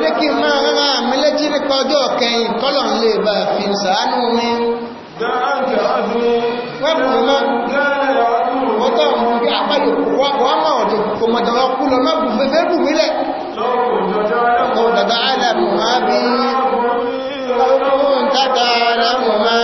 pẹ̀lú kí máa rárá mi létí nípa ọjọ́ kẹyìn kọ́lọ̀ ń lè bá fi sàánú mi Ọ̀dọ̀dọ̀ aláàmù máa bí i, ọkùnrin tàbí aláàmù máa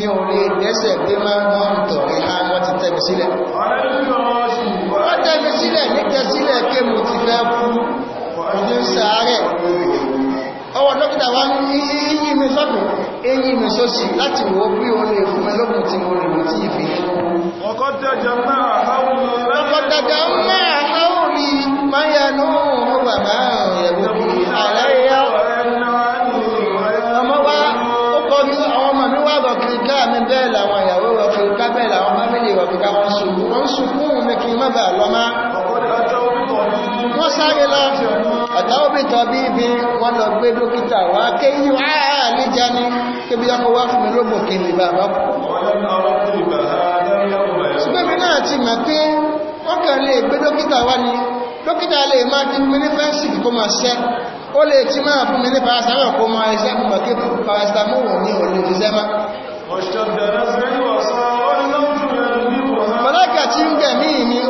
mi ò lè lẹ́sẹ̀ pé máa ń mọ́ ìtọ̀rí ha wọ́n ti tẹ́mi sílẹ̀ wọ́n tẹ́mi sílẹ̀ nígbẹ́ sílẹ̀ pé mo ti fẹ́ kú ní sàárẹ̀ ọwọ́ dókítà wá ń yí mi sọ́dún èyí mi sósì láti wò bí o lè fún ẹlọ́gùn tí mo lè mú tí ìfẹ́ ọkọ̀ tẹ́jà náà mọ́bà lọ́má wọ́n sáré lọ ọ̀tá òbítọ̀ bí ibi wọ́n lọ gbé dókítà wá ké yíò àà níjà ní kébí ọkọ̀ wá fún mi lóbò kí mi bàbá ṣùgbẹ́mi náà ti mọ̀ pé wọ́n kàn lè gbé dókítà wá ní dókítà lè máa ti mi ní fẹ́ǹsì kó máa ṣẹ́ ó lè ti máa fún mi ní paracetamol kó máa iṣẹ́ kó máa ké paracetamol ní òun lè ṣiṣẹ́ má. ọ̀ṣọ́ bẹ̀rẹ̀ sí wọ́n sọ́ọ́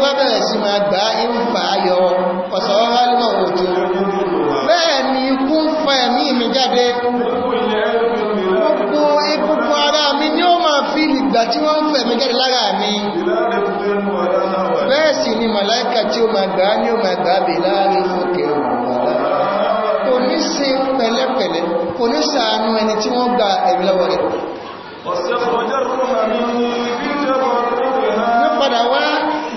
wá bẹ̀rẹ̀ sí máa gbà ń fà á yọ ọ̀sọ̀rọ̀lọ́ òjò bẹ́ẹ̀ ni ikú ń fà ẹ̀mí mi jáde gbogbo egungun ara mi ni ó máa fi ìgbà tí wọ́n ń fẹ̀ mi jáde lára mi bẹ́ẹ̀ sì ni màláìkà tí ó máa gbà ní ó máa gbà bè láàrin wọ́n gba ẹ̀mí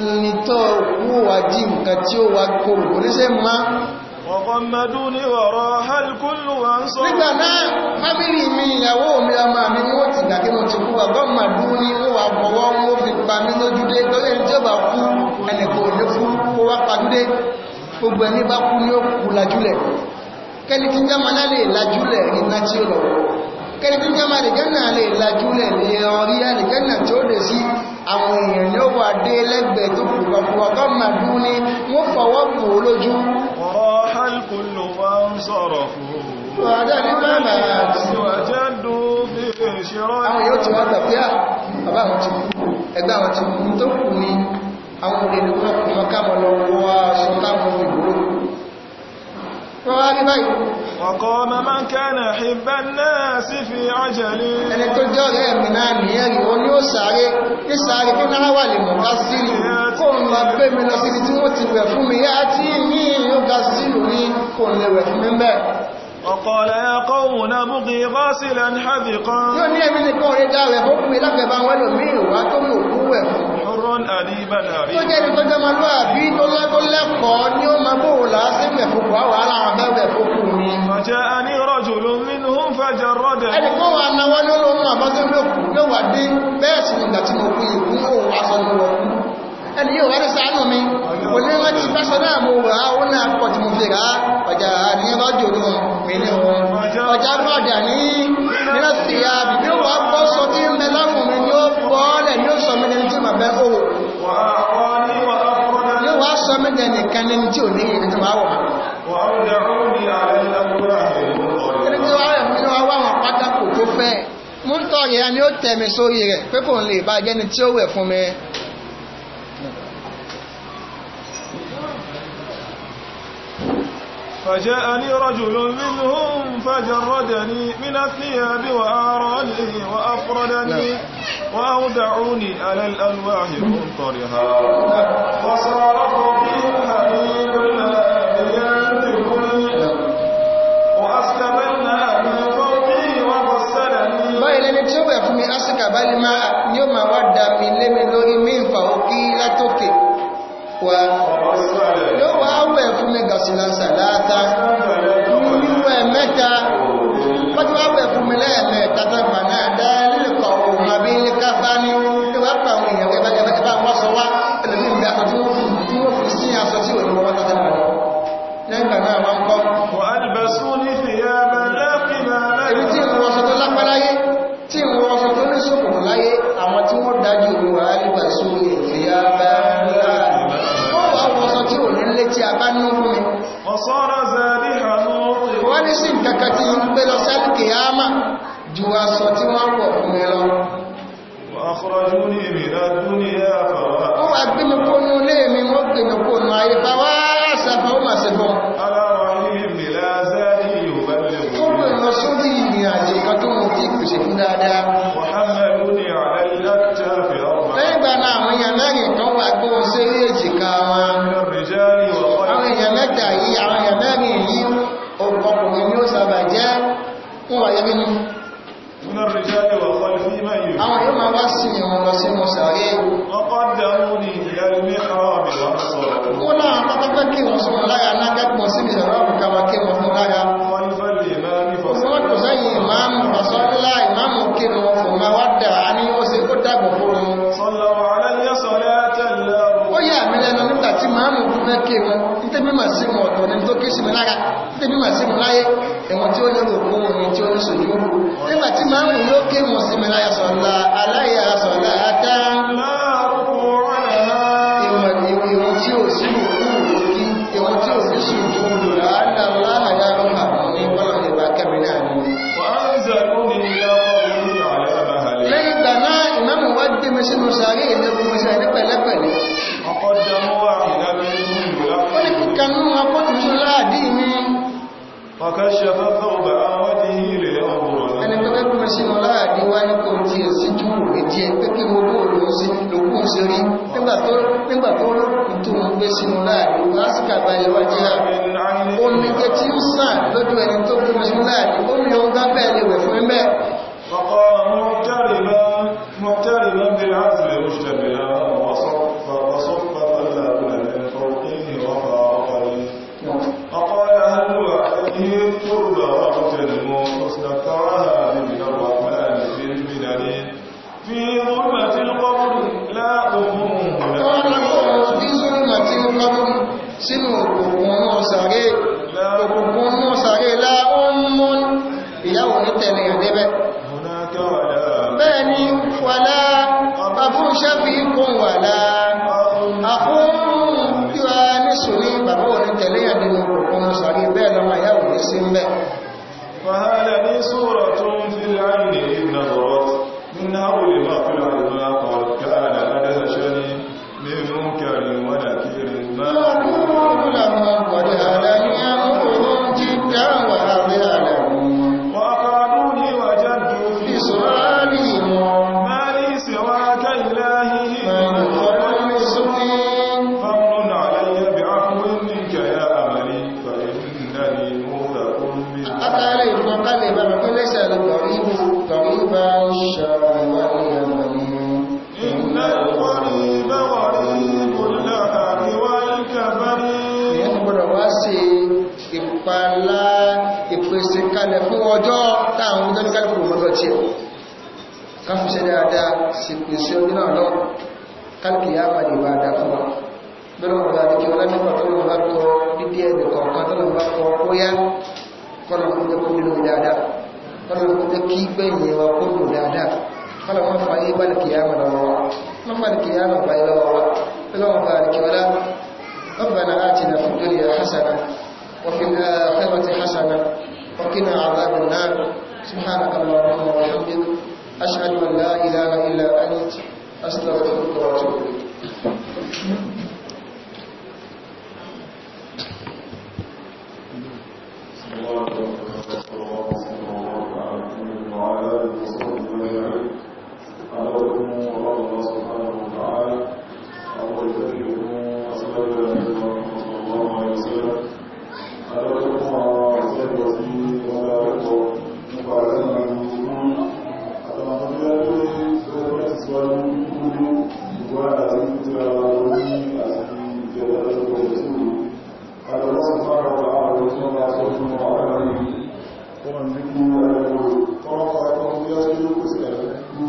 ní tó wó wá jí nǹkan tí ó wá kòrò kò ní ṣe má ọgọ́mọdú ní ọ̀rọ̀ halkúlù wà ń sọ nígbà náà fámílì mi ìyàwó mi ọmọ mi ní ó ti dàkí mo ti kú ọgọ́mọdú ní ó wà bọ̀wọ́ ó fi pa mí lójúdé lórí ẹni kú ẹnìkò kẹni bí gbẹ́mà nìkẹ́nà lè lajúlẹ̀ lè ọrí ẹnìkẹ́nà tí ó dẹ̀ sí àwọn èèyàn ní ó wà dé lẹ́gbẹ̀ẹ́ tó kùrùkọ̀kùrọ̀ tó mà dún ní wọ́n fọwọ́ bù ó lójú àwọn òrìnlẹ̀ ah, wọn kò mọ́ káàmọ̀ lọ wọ́n aṣọ táwọn والوالدين وقام من كان حب الناس في عجل ẹni tó jẹ́ ọ̀rẹ́ ẹ̀mì náà nìyẹn ni wọ́n ni ó sáré ní sáré kí náà wà lè mọ̀ gásílù kò ń ti وقال يا قوم نبغي غاسلا حذقا حر أديبا أريد فجاءني رجل منهم فجرد ẹni yóò wá ní sáánù mi kò ní rántí báṣọ náà mo rà ó náà pọ̀ tí mo fi á ní tí ò ní ẹ̀tọ́ máa wọ̀ mú tọ́rẹ̀ ya ni ó tẹ̀mẹ̀ sórí rẹ̀ pé kò lè bá jẹ́ni tí ó wẹ̀ fún mi فجاءني رجل منهم فجردني من الثياب وآراني وأفردني وأودعني على الألواح منطرها وصار ربي kàbálì máa yóò máa wá dá mi lémi lórí mí ìfà òkí látòkè wà yóò wá wẹ̀ fún mi gàṣìlàṣà láta níwẹ̀ mẹ́ta wọ́n ti wá wẹ̀ fún mi lẹ́ẹ̀mẹ́ tátàfà